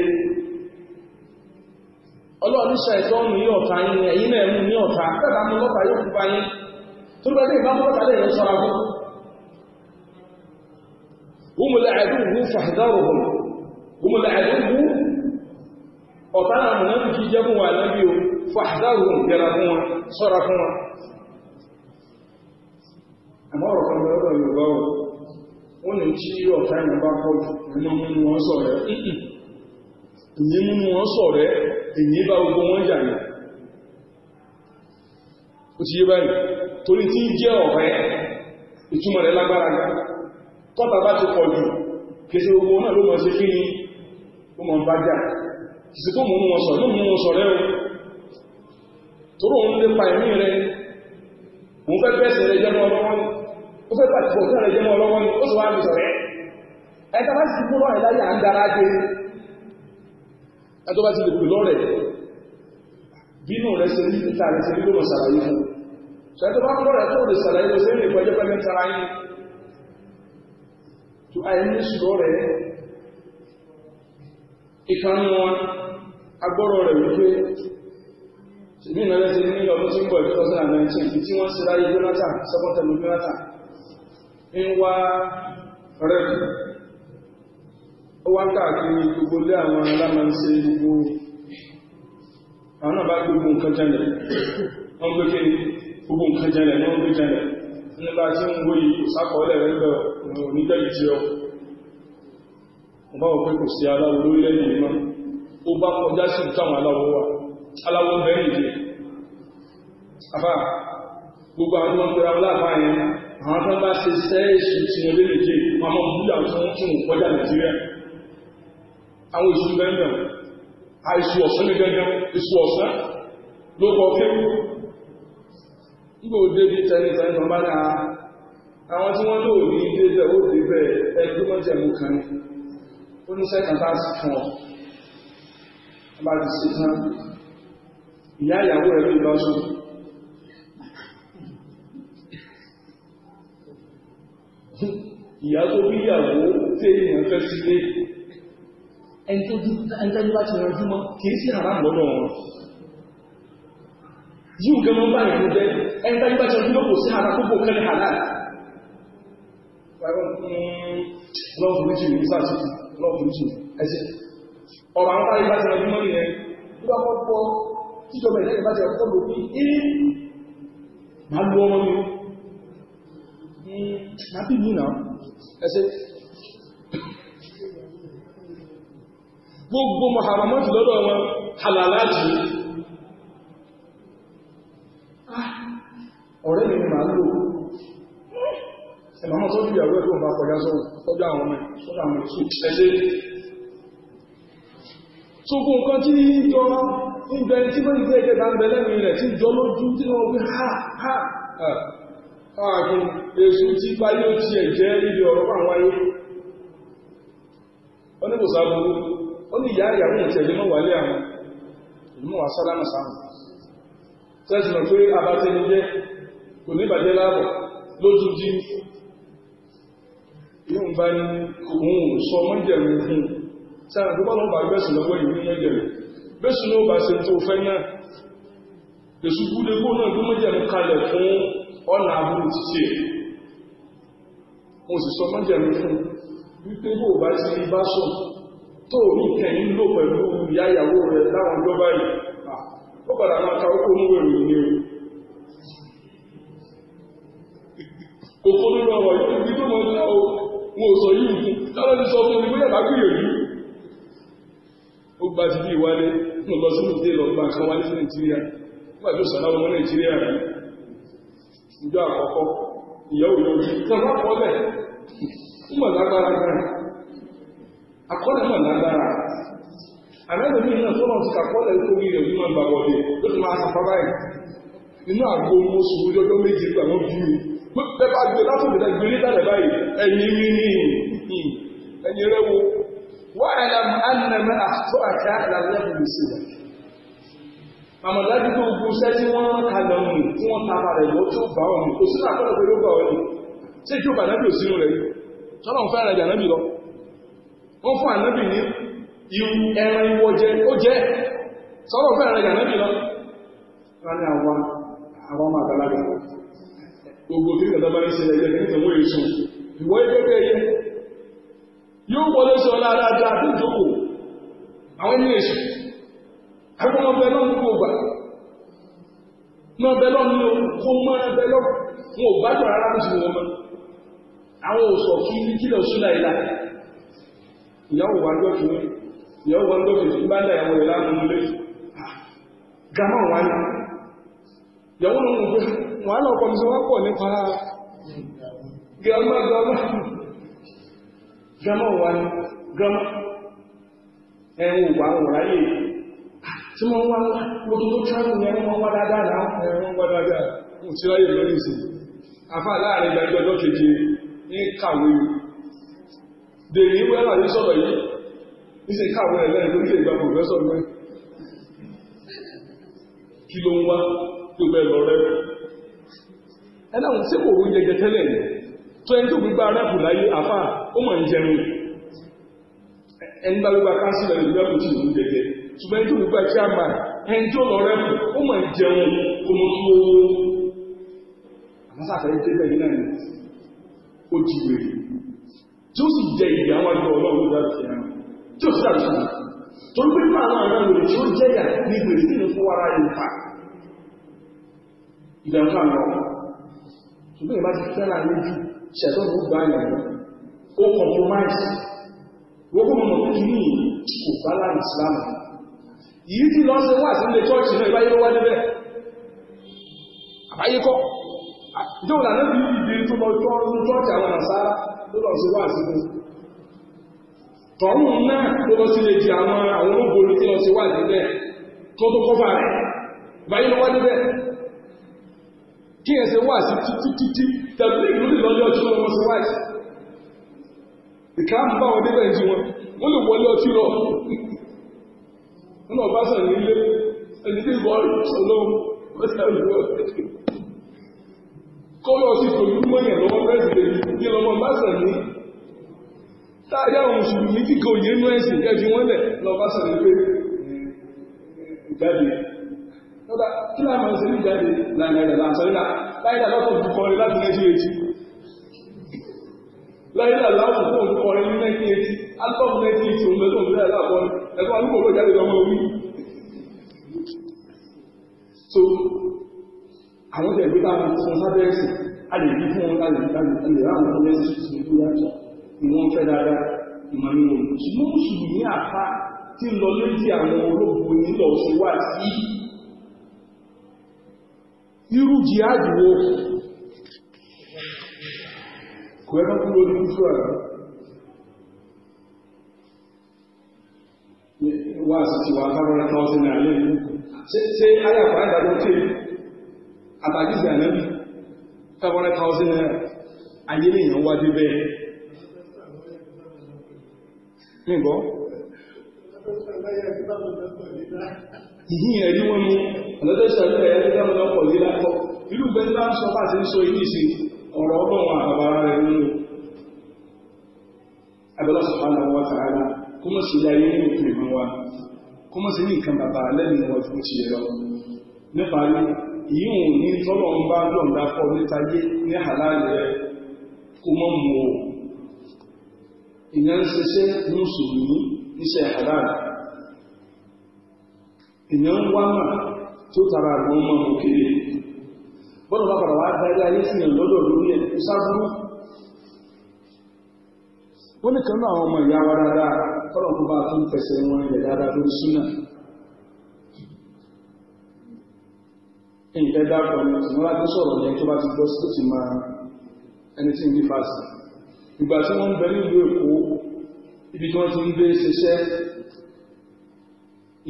ọlọ́ọ̀dúnṣẹ́ ìtọ́nù yóò ta yín ẹ̀yìn náà mú ní ọ̀ta pẹ́ta mú lọ́ta yóò kú bá yín tó bá dé ìbámu lọ́ta lè sọ́ra fún wúmùlẹ̀ àdúgbò fàdárò wúmùlẹ̀ sọ́ra fún wọn àmọ́ ọ̀rọ̀ kan lọ́rọ̀ wọ́n ní tí ọ̀tá ìyẹn bá pọ̀ jù nínú múnú wọn sọ̀rẹ́ ìyẹn múnú wọn sọ̀rẹ́ èyí bá gbogbo wọn jà ní o ti yé báyìí torí tí jẹ́ ọ̀rẹ́ ìtumọ̀ rẹ̀ lágbára ní tọ́ta bá ti pọ̀ jù gbogbo náà ló mọ̀ sí kí ni ó mọ̀ o toró òun lépa ó fẹ́ pàtàkì òkú rẹ̀ jẹ́mọ́ ọlọ́wọ́ ni ó sì wá lùsọ̀ rẹ̀ ẹ̀ta bá sì kú lọ́rẹ̀ láyé à ń dára dé ẹjọ́ bá ti lè pè lọ́rẹ̀ bínú rẹ̀ ṣe ní ìta rẹ̀ ṣe ní lọ́rọ̀ ṣàlàyé fún ṣe ẹjọ́ bá ń lọ́rẹ̀ tó lè ṣàlàyé lọ sí ilé ìgbẹ́jọ́ pẹ́ mẹ́ta ara yín tó àìní ṣùgbọ́ rẹ̀ ìkànnì wọn agbọ́rọ̀ rẹ̀ wípé ṣùgbọ́n ìnáwó ti ní ọdún tí ń bọ̀ 2019 tí wọ́n ṣe láyé Jonathan second Jonathan ń wá rẹ́ẹ̀dì ó wá káàkiri gbogbo lé àwọn alámọ̀ọ́sẹ́ gbogbo àwọn náà bá gbogbo nǹkan jẹ́lẹ̀ wọ́n gbé kí gbogbo nǹkan jẹ́lẹ̀ ní wọ́n gbé jẹ́lẹ̀ nígbà tí ń wé ìsákọọ́lẹ̀ rẹ̀ bẹ̀ òun nígbẹ̀lì tí ọ ọba òpé kò sí aláwọ̀ lórílẹ̀-èdè mímọ́ ó bá kọjá sí ìtàwọn aláwọ̀ wà aláwọ̀ bẹ̀rẹ̀ ìdí afá gbogbo àwọn ọmọ pẹ̀lú aláàbáyẹn àwọn tó bá ṣe sẹ́ẹ̀sì tí wọ́n lé méje wọ́n mọ́ búlà tí wọ́n tún kọjá nàìjíríà àwọn èṣù bẹ́ẹ̀ àìṣù ọ̀sán ní gẹ́gẹ́ èṣù ọ̀sán ló kọ fẹ́ nígbà òde bíi tẹni tẹni tó bá dáa àwọn tí wọ́n lò ní ilé bẹ́ẹ̀ ó dé bẹ́ẹ̀ ẹgbẹ́ mọ́jẹ̀mú kan ní ó ní bá sì fún ọ bá ti ṣe tán ìyá ìyàwó rẹ̀ ló lọ́sùn ìyá tó bí ìyàwó tí èèyàn fẹ́ sílé ẹni tó dúdú bá ti rọjú mọ́ sí àrá lọ́nà wọn yíò gẹ́ mọ́ báyìí ló jẹ́ ẹni tó bá ti rọjú mọ́ kò sí àrá gbogbo kẹ́lẹ̀ àrá ọ̀rọ̀ àwọn báyìí bá ti rọjú mọ́ nìyẹn nígbà pọ́pọ́ tíjọba ìlẹ́yìn bá ti rọjú mọ́ lórí ẹ̀ máa lu ọmọ mi happy new now ẹsẹ gbogbo muhammadu lọ́dọ̀ wọn halalaji ah, ọ̀rẹ́ mi máa lò ẹ̀mọ́mọ́ tó bí àwọn ẹgbẹ́ ọmọ akọ̀gá sọ́rọ̀ ọjọ́ àwọn ọmọ ọjọ́ àwọn nǹkan tí jọ ń bẹ tí wọ́n ìgbẹ́ ìgbẹ́ bá ń bẹ lẹ́mìí rẹ̀ tí jọ lójú tí wọ́n gbé ha ha ha ah, ah, èṣù tí bá yóò ti ẹ̀jẹ́ ibi ọ̀rọ̀ pà wáyé ó ní kò sáàbùrú ó ní ìyá ìyàwó ìtẹ̀ lè mọ́ wálé àwọn ìmọ̀ wà sálámà sáàmù tẹ́sì mọ̀ pé abátẹni jẹ́ kò ní ìbàjẹ́ láàbọ̀ lójú jí yóò bá ní òun sọ mọ́jẹ̀rù fún sáà tó bá lọ́ bá gbẹ̀sùn lọ́wọ́ ìwé mọ́jẹ̀rù gbẹ̀sùn ló bá ṣe tó fẹ́ náà èṣù kúdé kó náà gbé mọ́jẹ̀rù kalẹ̀ fún ọ̀nà àbúrò títí mo sì sọ mọ́jẹ̀mú fún wípé bó bá ti rí bá sùn tó ní kẹ̀yìn lò pẹ̀lú ìyá ìyàwó rẹ̀ láwọn ọjọ́ báyìí ó padà máa ka ókó mú èrò ní o òkú nínú ọ̀rọ̀ yìí ní tó mọ̀ ní ọ̀ wọn ò sọ yìí fún lọ́dọ̀ ti sọ fún mi bóyá bá gbìyànjú ó gba ti bí ìwálé mo lọ sínú ìdílé lọ gba nǹkan wálé sí nàìjíríà nígbà tó sàlá ọmọ nàìjíríà rẹ̀ ìjọ àkọ́kọ́ ìyàwó ìyàwó ìjọba kọ́lẹ̀ ìmọ̀ lágbára gan akọ́lẹ̀ mọ̀ lágbára àlẹ́lẹ́ mi náà tó náà ti kàkọ́lẹ̀ lórí rẹ̀ nínú àgbà wọlé ló ti máa sàfá báyìí nínú àgbo mo sùn ní ọjọ́ méje pé àwọn bí mi pé bá gbé látòkè náà gbé nílẹ̀ báyìí ẹ̀yìn mi ní ẹ̀yìn rẹ̀ wo wọ́n ẹ̀ àmọ̀dájú tó gbogbo iṣẹ́ tí wọ́n ń ka lọ nù tí wọ́n ta balẹ̀ lọ tí ó bá wọn nù kò sínú àkọ́lọ̀ pé ló bá wọn nù ṣé kí ó bá nábì òsínú rẹ̀ yìí tọ́lọ̀ ń fẹ́ràn ìjà nábì lọ wọ́n fún ànábì ní irú ẹran ìwọ jẹ ó jẹ́ tọ́lọ̀ ń fẹ́ràn ìjà nábì lọ wọ́n ní àwọn àwọn ọmọ àgbàlagbà gbogbo tí ìgbà bá ń ṣe ẹ̀jẹ̀ kí nìkan wọ́n èso ìwọ ẹgbẹ́ ẹyẹ ẹni èso àwọn ọmọ ọbẹ̀ lọ́nà kò gbà ní ọbẹ̀ lọ́nà ní kó mọ́ ọbẹ̀ lọ́nà wọn ò gbádùn ara lóṣù wọn mọ́ àwọn ò sọ kí ní kílọ̀ ṣúlá ìlà ìyàwó wa gbọ́ kí ìyàwó wa gbọ́ kí ní bá dà ìyàwó ìlà nínú ilé gàmọ́ wa ni ìyàwó náà mú pé wọn á lọ kọ́ mi sọ wá pọ̀ nípa gàmọ́ gàmọ́ gàmọ́ wa ni gàmọ́ ẹ̀wọ̀n wà wọ̀ráyè tí wọ́n wá mo tó tó travel yẹn wọ́n wá dáadáa là wọ́n wá dáadáa mo ti ráyè lọ ní afá láàrin ìdájọ́ ọjọ́ keje ní kàwé dèrè ìwé ẹ̀rọ àyè sọ̀rọ̀ yìí ní sì kàwé ẹ̀ lẹ́yìn lórí ìgbà pòfẹ́sọ̀ mẹ́ kí ló ń wá tó bẹ́ẹ̀ lọ rẹ́ ẹ̀dá wọn tí kò rú jẹjẹ tẹ́lẹ̀ yìí tó ẹni tó gbígbá rẹ́pù láyé afá ó mọ̀ ń jẹun ẹni bá gbígbá káńsìlẹ̀ ìgbà kò tí ì rú jẹjẹ ṣùgbọ́n ẹni tó mú gba chairman ẹni tí ó lọ rẹ́pù ó mọ̀ jẹun kó mú kí owó àmọ́sàfẹ́ yìí tẹ́lẹ̀ yìí náà ó ti wèrè tí ó sì jẹ ìdí àwọn àjọ ọlọ́run ló dáa sí tí ó sì àtúnṣe tó ń pípa àwọn àwọn èrè tí ó jẹ́yà ní ìwé sí ní fún ara yìí pa ìdàmú àwọn ṣùgbọ́n ìbá ti fẹ́ràn lójú ṣẹ̀tọ́ ló gba ìyàwó ó compromise wọ́n kó mọ̀ mọ̀ kí ní kò balance láàrín yìí tí lọ sí wà sí ilé chọ́ọ̀chì náà ìbáyé wá débẹ̀ àbáyé kọ́ ìjọ ìlànà bí ìdí tó lọ tọ́ọ̀rún chọ́ọ̀chì àwọn àṣára tó lọ sí wà sí ilé tọ̀rún náà tó lọ sí ilé di àwọn àwọn olóògbòrò tí lọ sí wà débẹ̀ tó tó kọ́fà rẹ̀ ìbáyé wá débẹ̀ kí ẹ ṣe wà sí títí títí tẹ̀lé ìlú ìlọ́jọ́ tí wọ́n sí wà sí ìkàmbá wọn débẹ̀ jí wọn wọ́n lè wọlé ọtí lọ nínú ọba sàn nílé ẹni tí ìbọn rí ọlọ́run mẹ́ta ìlú ọ̀tẹ́kì kọ́lọ̀ sí pẹ̀lú mọ́yàn lọ́wọ́ pẹ́sìdẹ̀ ní ọmọ bá sàn ní táyà òun mùsùlùmí tí kò yé inú ẹ̀sìn ẹ̀fí wọ́n lẹ̀ lọ́ba sàn ní pé ìjáde lọ́dà kí láà máa ń ṣe ní ìjáde láìláìlà láàṣọ nílá láìlà lọ́tọ̀ tó kọrin láti 1980 láìlà láwùjọ kọrin ní 1980 album 1980 òun lọ́tọ̀ tó láìlà kọrin ẹ̀fọ́ àdúgbò ló jáde lọ́mọ orí. so àwọn tẹ̀ gbé táwọn tí wọ́n sábẹ́ ẹ̀sìn a lè rí fún wọn a lè rí àwọn ọmọ ẹ̀sìn tuntun tó yàtọ̀ ni wọ́n fẹ́ dáadáa ìmọ̀ ni wọn ṣùgbọ́n mùsùlùmí àfa tí ń lọ létí àwọn ológun nílọ̀ sí wà sí irú jihad wo kò ẹ̀fọ́ kúrò ní ìṣúra rẹ̀ wá sí ti wá five hundred thousand naira lẹ́nu ṣé ṣé ayé àkọ́rẹ́ ìdájọ́ tè àtàkìsì ànábì five hundred thousand naira ayé nìyẹn wá dé bẹ́ẹ̀. nígbọ́ ìhìn ẹ̀rí wọn ni ọ̀lọ́dẹ́ sọ̀rọ̀ ẹ̀rí dáwọn lọ́pọ̀ lílápọ̀ irú bẹ́ẹ̀ bá ń sọ bá ti ń sọ ilé ìsìn ọ̀rọ̀ ọgbọ̀n àbàbára rẹ̀ nínú abẹ́lọ́sọ̀fà náà wọ́n tààrà kó mọ̀ sí láyé ní ìpè mọ́ wa kó mọ̀ sí ní nǹkan bàbá lẹ́nu wọn fún ti ẹ̀rọ nípa rí ìyíhùn ní tọ́lọ̀ ń bá lọ́ǹda fọ́ níta yé ní àláàlẹ̀ rẹ̀ kó mọ̀ mú o ìyẹn ń ṣiṣẹ́ mùsùlùmí iṣẹ́ àláàlẹ̀ ìyẹn ń wá mà tó tara àwọn ọmọ bọ́dọ̀ bá padà wá darí ayé sí ìyẹn lọ́dọ̀ lórí ẹ̀ ìṣàbùrú wọ́n ní kan náà àwọn ọmọ ìyá wa dáadáa kọ́lọ̀ ń bá tó ń fẹsẹ̀ wọn ilẹ̀ dáadáa lórí súnà. Ìfẹ́ dáàbò ni ìwọ́n láti sọ̀rọ̀ yẹn tó bá ti gbọ́ sí tó ti máa ẹni tí ń bí fásitì. Ìgbà tí wọ́n ń bẹ nílùú Èkó, ibi tí wọ́n ti ń gbé ṣiṣẹ́,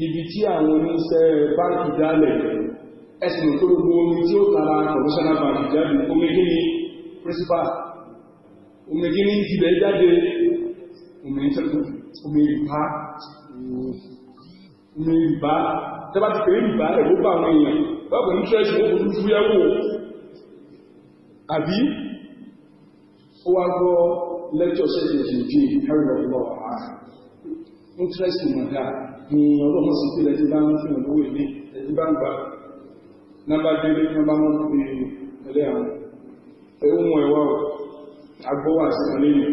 ibi tí àwọn oníṣẹ́ báńkì dálẹ̀, ẹ̀sìn tó gbogbo omi tí ó tara commercial bank jáde, omi kí ni principal, omi kí ni ìfibẹ̀ jáde, omi ní tẹ́lifíṣàn omerìbá omerìbá tẹ́bá ti pèrè ìbá ẹ̀rọ bá àwọn èèyàn báwo ní ṣẹ́ẹ̀ṣì ó fojú fúyẹ́ wò àbí ó wá gbọ́ lẹ́kṣọ̀ ṣẹ́ẹ̀ṣì ìṣèjì harry of law interest mọ̀dá ni ọlọ́run sí pé lẹ́tí bá ń fi hàn lówó ilé lẹ́tí bá ń gba nọ́mbà délé nọ́mbà mọ́ fi ẹlẹ́ àwọn ẹ̀hún ẹ̀wọ́ agbọ́wà sí ọlẹ́yìn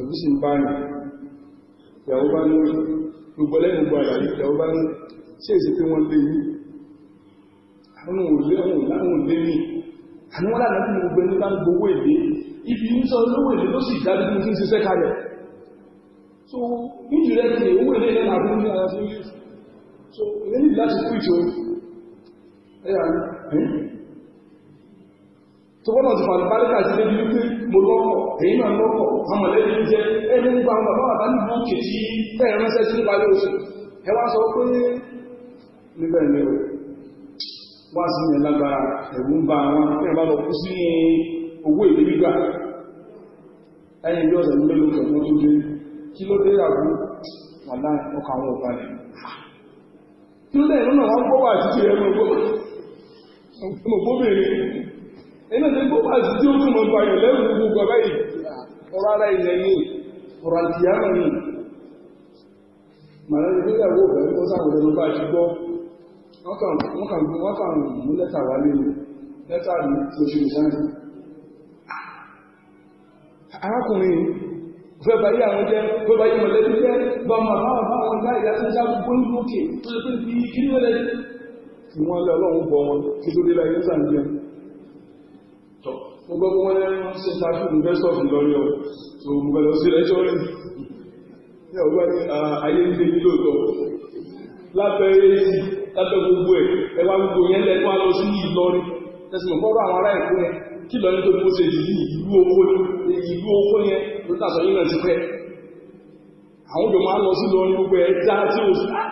ẹ̀bùsùn báyìí ìyàwó bá ní gbogbo lẹ́yìn gbogbo àlàyé ìyàwó bá ní ṣe èsì pé wọ́n lé yìí àwọn òlé àwọn òláwọn lé ní àwọn lára ní gbogbo ẹni bá ń gbowó èlé ibi ń sọ olówó èlé ló sì dájú ní fún ṣiṣẹ́ kalẹ̀ so níjù rẹ̀ ti owó èlé rẹ̀ náà fún ara sí ilé so èlé ní láti kú ìjọ ẹ̀yà tó gbọ́dọ̀ ti fàlùbáríkà sí débi wípé mo lọ́kọ̀ èyí náà ló pọ̀ ọmọ lẹ́yìn jẹ́ ẹni gbogbo àwọn bàbá bàbá ní búùkì tí bẹ́ẹ̀ sí nípa ilé oṣù ẹ sọ pé níbẹ̀ ni o wá sí ilẹ̀ lágbára ẹ̀rù ń ba àwọn tí bá lọ kú sí owó ìlú gbígbà ẹ̀yìn bí ọ̀sẹ̀ mélòó kan tó tún dé kí ló dé àbú wà láì ọkọ̀ àwọn ò balẹ̀ kí ló dé ìrúnà wọn gbọ́ wà ẹ̀nà tó gbogbo àti tí ó túnmọ̀ pààyàn lẹ́rù gbogbo ọ̀rá yìí ọ̀rọ̀ ara ilẹ̀ ní ọ̀rọ̀ àtìyàmọ̀ ní màlẹ́rì tó yàwó ọ̀bẹ̀ tó sàwọ̀lẹ̀ ló bá ṣe gbọ́ wọ́n kàn mú lẹ́tà wá léwu lẹ́tà ní oṣù ìsáyìn arákùnrin fẹ́ bá yí àwọn jẹ́ fẹ́ bá yí mọ̀lẹ́bí jẹ́ bá ọmọ àbá àbá àwọn ìgbà ìyá tó ń sáà gbogbo ìlú òkè tó lè pé ibi kí ni wọ́n lẹ́ ìwọ̀n lẹ́ ọlọ́run bọ̀ wọn kí tó dé láyé sàn mo gbọ́ pé wọ́n lẹ́nu ṣe ìtàkùn investor fún lórí ọ tó mo gbọ́dọ̀ sí ẹjọ́ rẹ̀ ní ọgbà ní ayé ń gbé nílò ìtọ́ lábẹ́ èsì lábẹ́ gbogbo ẹ̀ ẹwà gbogbo yẹn lẹ́nu wá lọ sí Ìlọrin ẹsìn mọ̀ fọ́rọ̀ àwọn ará Èkó yẹn kí Ìlọrin tó kó ṣe ìlú ìlú owó ìlú owó yẹn ló tàṣọ yín náà ti pẹ́ àwọn òjò máa ń lọ sí Ìlọrin gbogbo ẹ̀ já tí ó sì á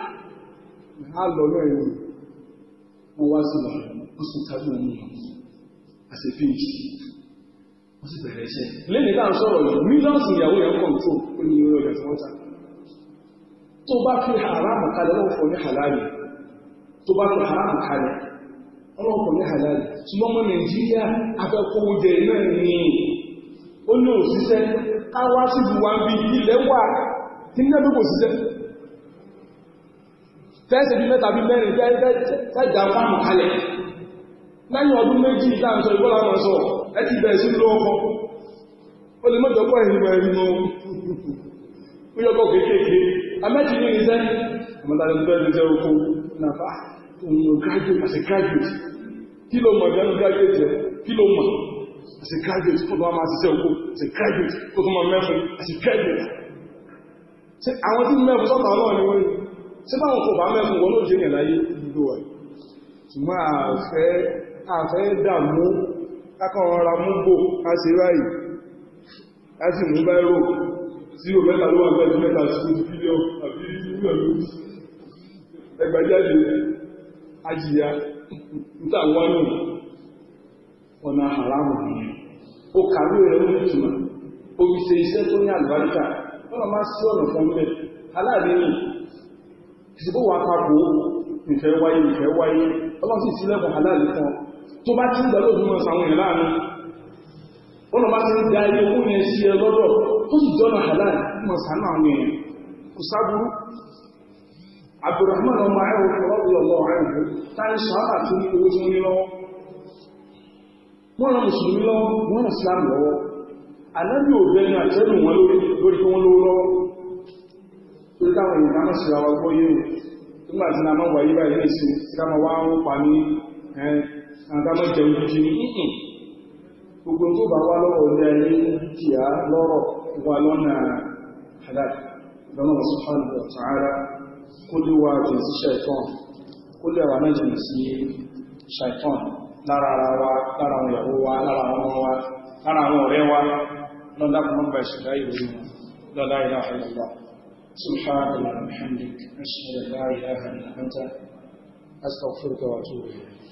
lọ náà wọ́n wá sí Ìlọrin ó sì as a PhD wọ́n sì bẹ̀rẹ̀ iṣẹ́ lẹ́nìí náà sọ̀rọ̀ yìí millions ìyàwó yẹn control ó ní irú ọjà tí wọ́n ta tó bá fi haramu kalẹ̀ wọ́n fọ ní halali tó bá fi haramu kalẹ̀ wọ́n fọ ní halali ṣùgbọ́n ọmọ Nàìjíríà afẹ́kọ́ oúnjẹ náà ní ó ní òṣìṣẹ́ káwá sí ìwà bí ilẹ̀ wà kí ní ẹbí kò ṣiṣẹ́ fẹ́ẹ̀sì bí mẹ́ta bí mẹ́rin fẹ́ẹ̀ lẹ́yìn ọdún méjì láàrín sọ ìbọ́lá máa sọ ẹ ti bẹ̀rẹ̀ sí ló ọkọ̀ ó lè mọ́jọ́pọ̀ ẹ̀rìnmọ̀ ẹ̀rìnmọ̀ oyọ́gbọ̀ kéèkéé amẹ́jì ní ìṣẹ́ àmọ́tàlẹ́ tó bẹ́ẹ̀ jẹ́ oko nàfà òun graduate as a graduate kí ló mọ̀ ìdánù graduate rẹ̀ kí ló mọ̀ as a graduate tó tó máa ṣiṣẹ́ oko as a graduate tó tó máa mẹ́fún as a graduate ṣe àwọn tí mẹ́fún sọ́tà náà ni wọ́n ṣe báwọn kò bá mẹ́fún wọn ló jẹ́ yẹn láyé ìlú wa ṣùgbọ́n àfẹ́ àfẹ́ dàmú kákọ̀ọ́ra múgbò káṣe ráyìí láti mú bẹ́rò tí o mẹ́ta ló wà mẹ́ta mẹ́ta sí bílíọ̀ àbí ìrìnlẹ̀ ọ̀nà àràmù o kàrí rẹ̀ ó o fi ṣe iṣẹ́ tó ní àlùbáríkà máa sí ọ̀nà fún aláàrínì wáyé wáyé ọlọ́sìn tó bá ti ń dẹ̀lọ́ òdúnmọ̀ sàwọn èèyàn láàánú wọ́n bá ti ń da ilé owó yẹn sí ẹ lọ́dọ̀ tó sì jọ́nà halal mọ̀ sàánú àwọn èèyàn kò sáburú Abdurrahman ọmọ ẹ̀rọ ọlọ́bí ọlọ́ ẹ̀rọ tá ń sọ àbà tó ní owó tó ní lọ́wọ́ wọ́n rán mùsùlùmí lọ́wọ́ wọ́n rán Islam lọ́wọ́ alábì òbẹ́ ní àtẹ́lù wọn lórí lórí tó wọ́n lówó lọ́wọ́ tó táwọn èèyàn dáná sí àwọn ọgbọ́ yẹ̀wò nígbà tí a ń pa ní àgbàmọ́ jẹun jíjì ní ìkìn gbogbo tó bá wá lọ́wọ́ ilé ayé jíjì á lọ́rọ̀ wà lọ́nà halal lọ́nà subhanahu wa ta'ala kó lè wá jẹ sí shaitan kó lè wà mẹ́jẹ sí shaitan lára ara wa lára àwọn ìyàwó wa lára àwọn ọmọ wa lára àwọn ọ̀rẹ́ wa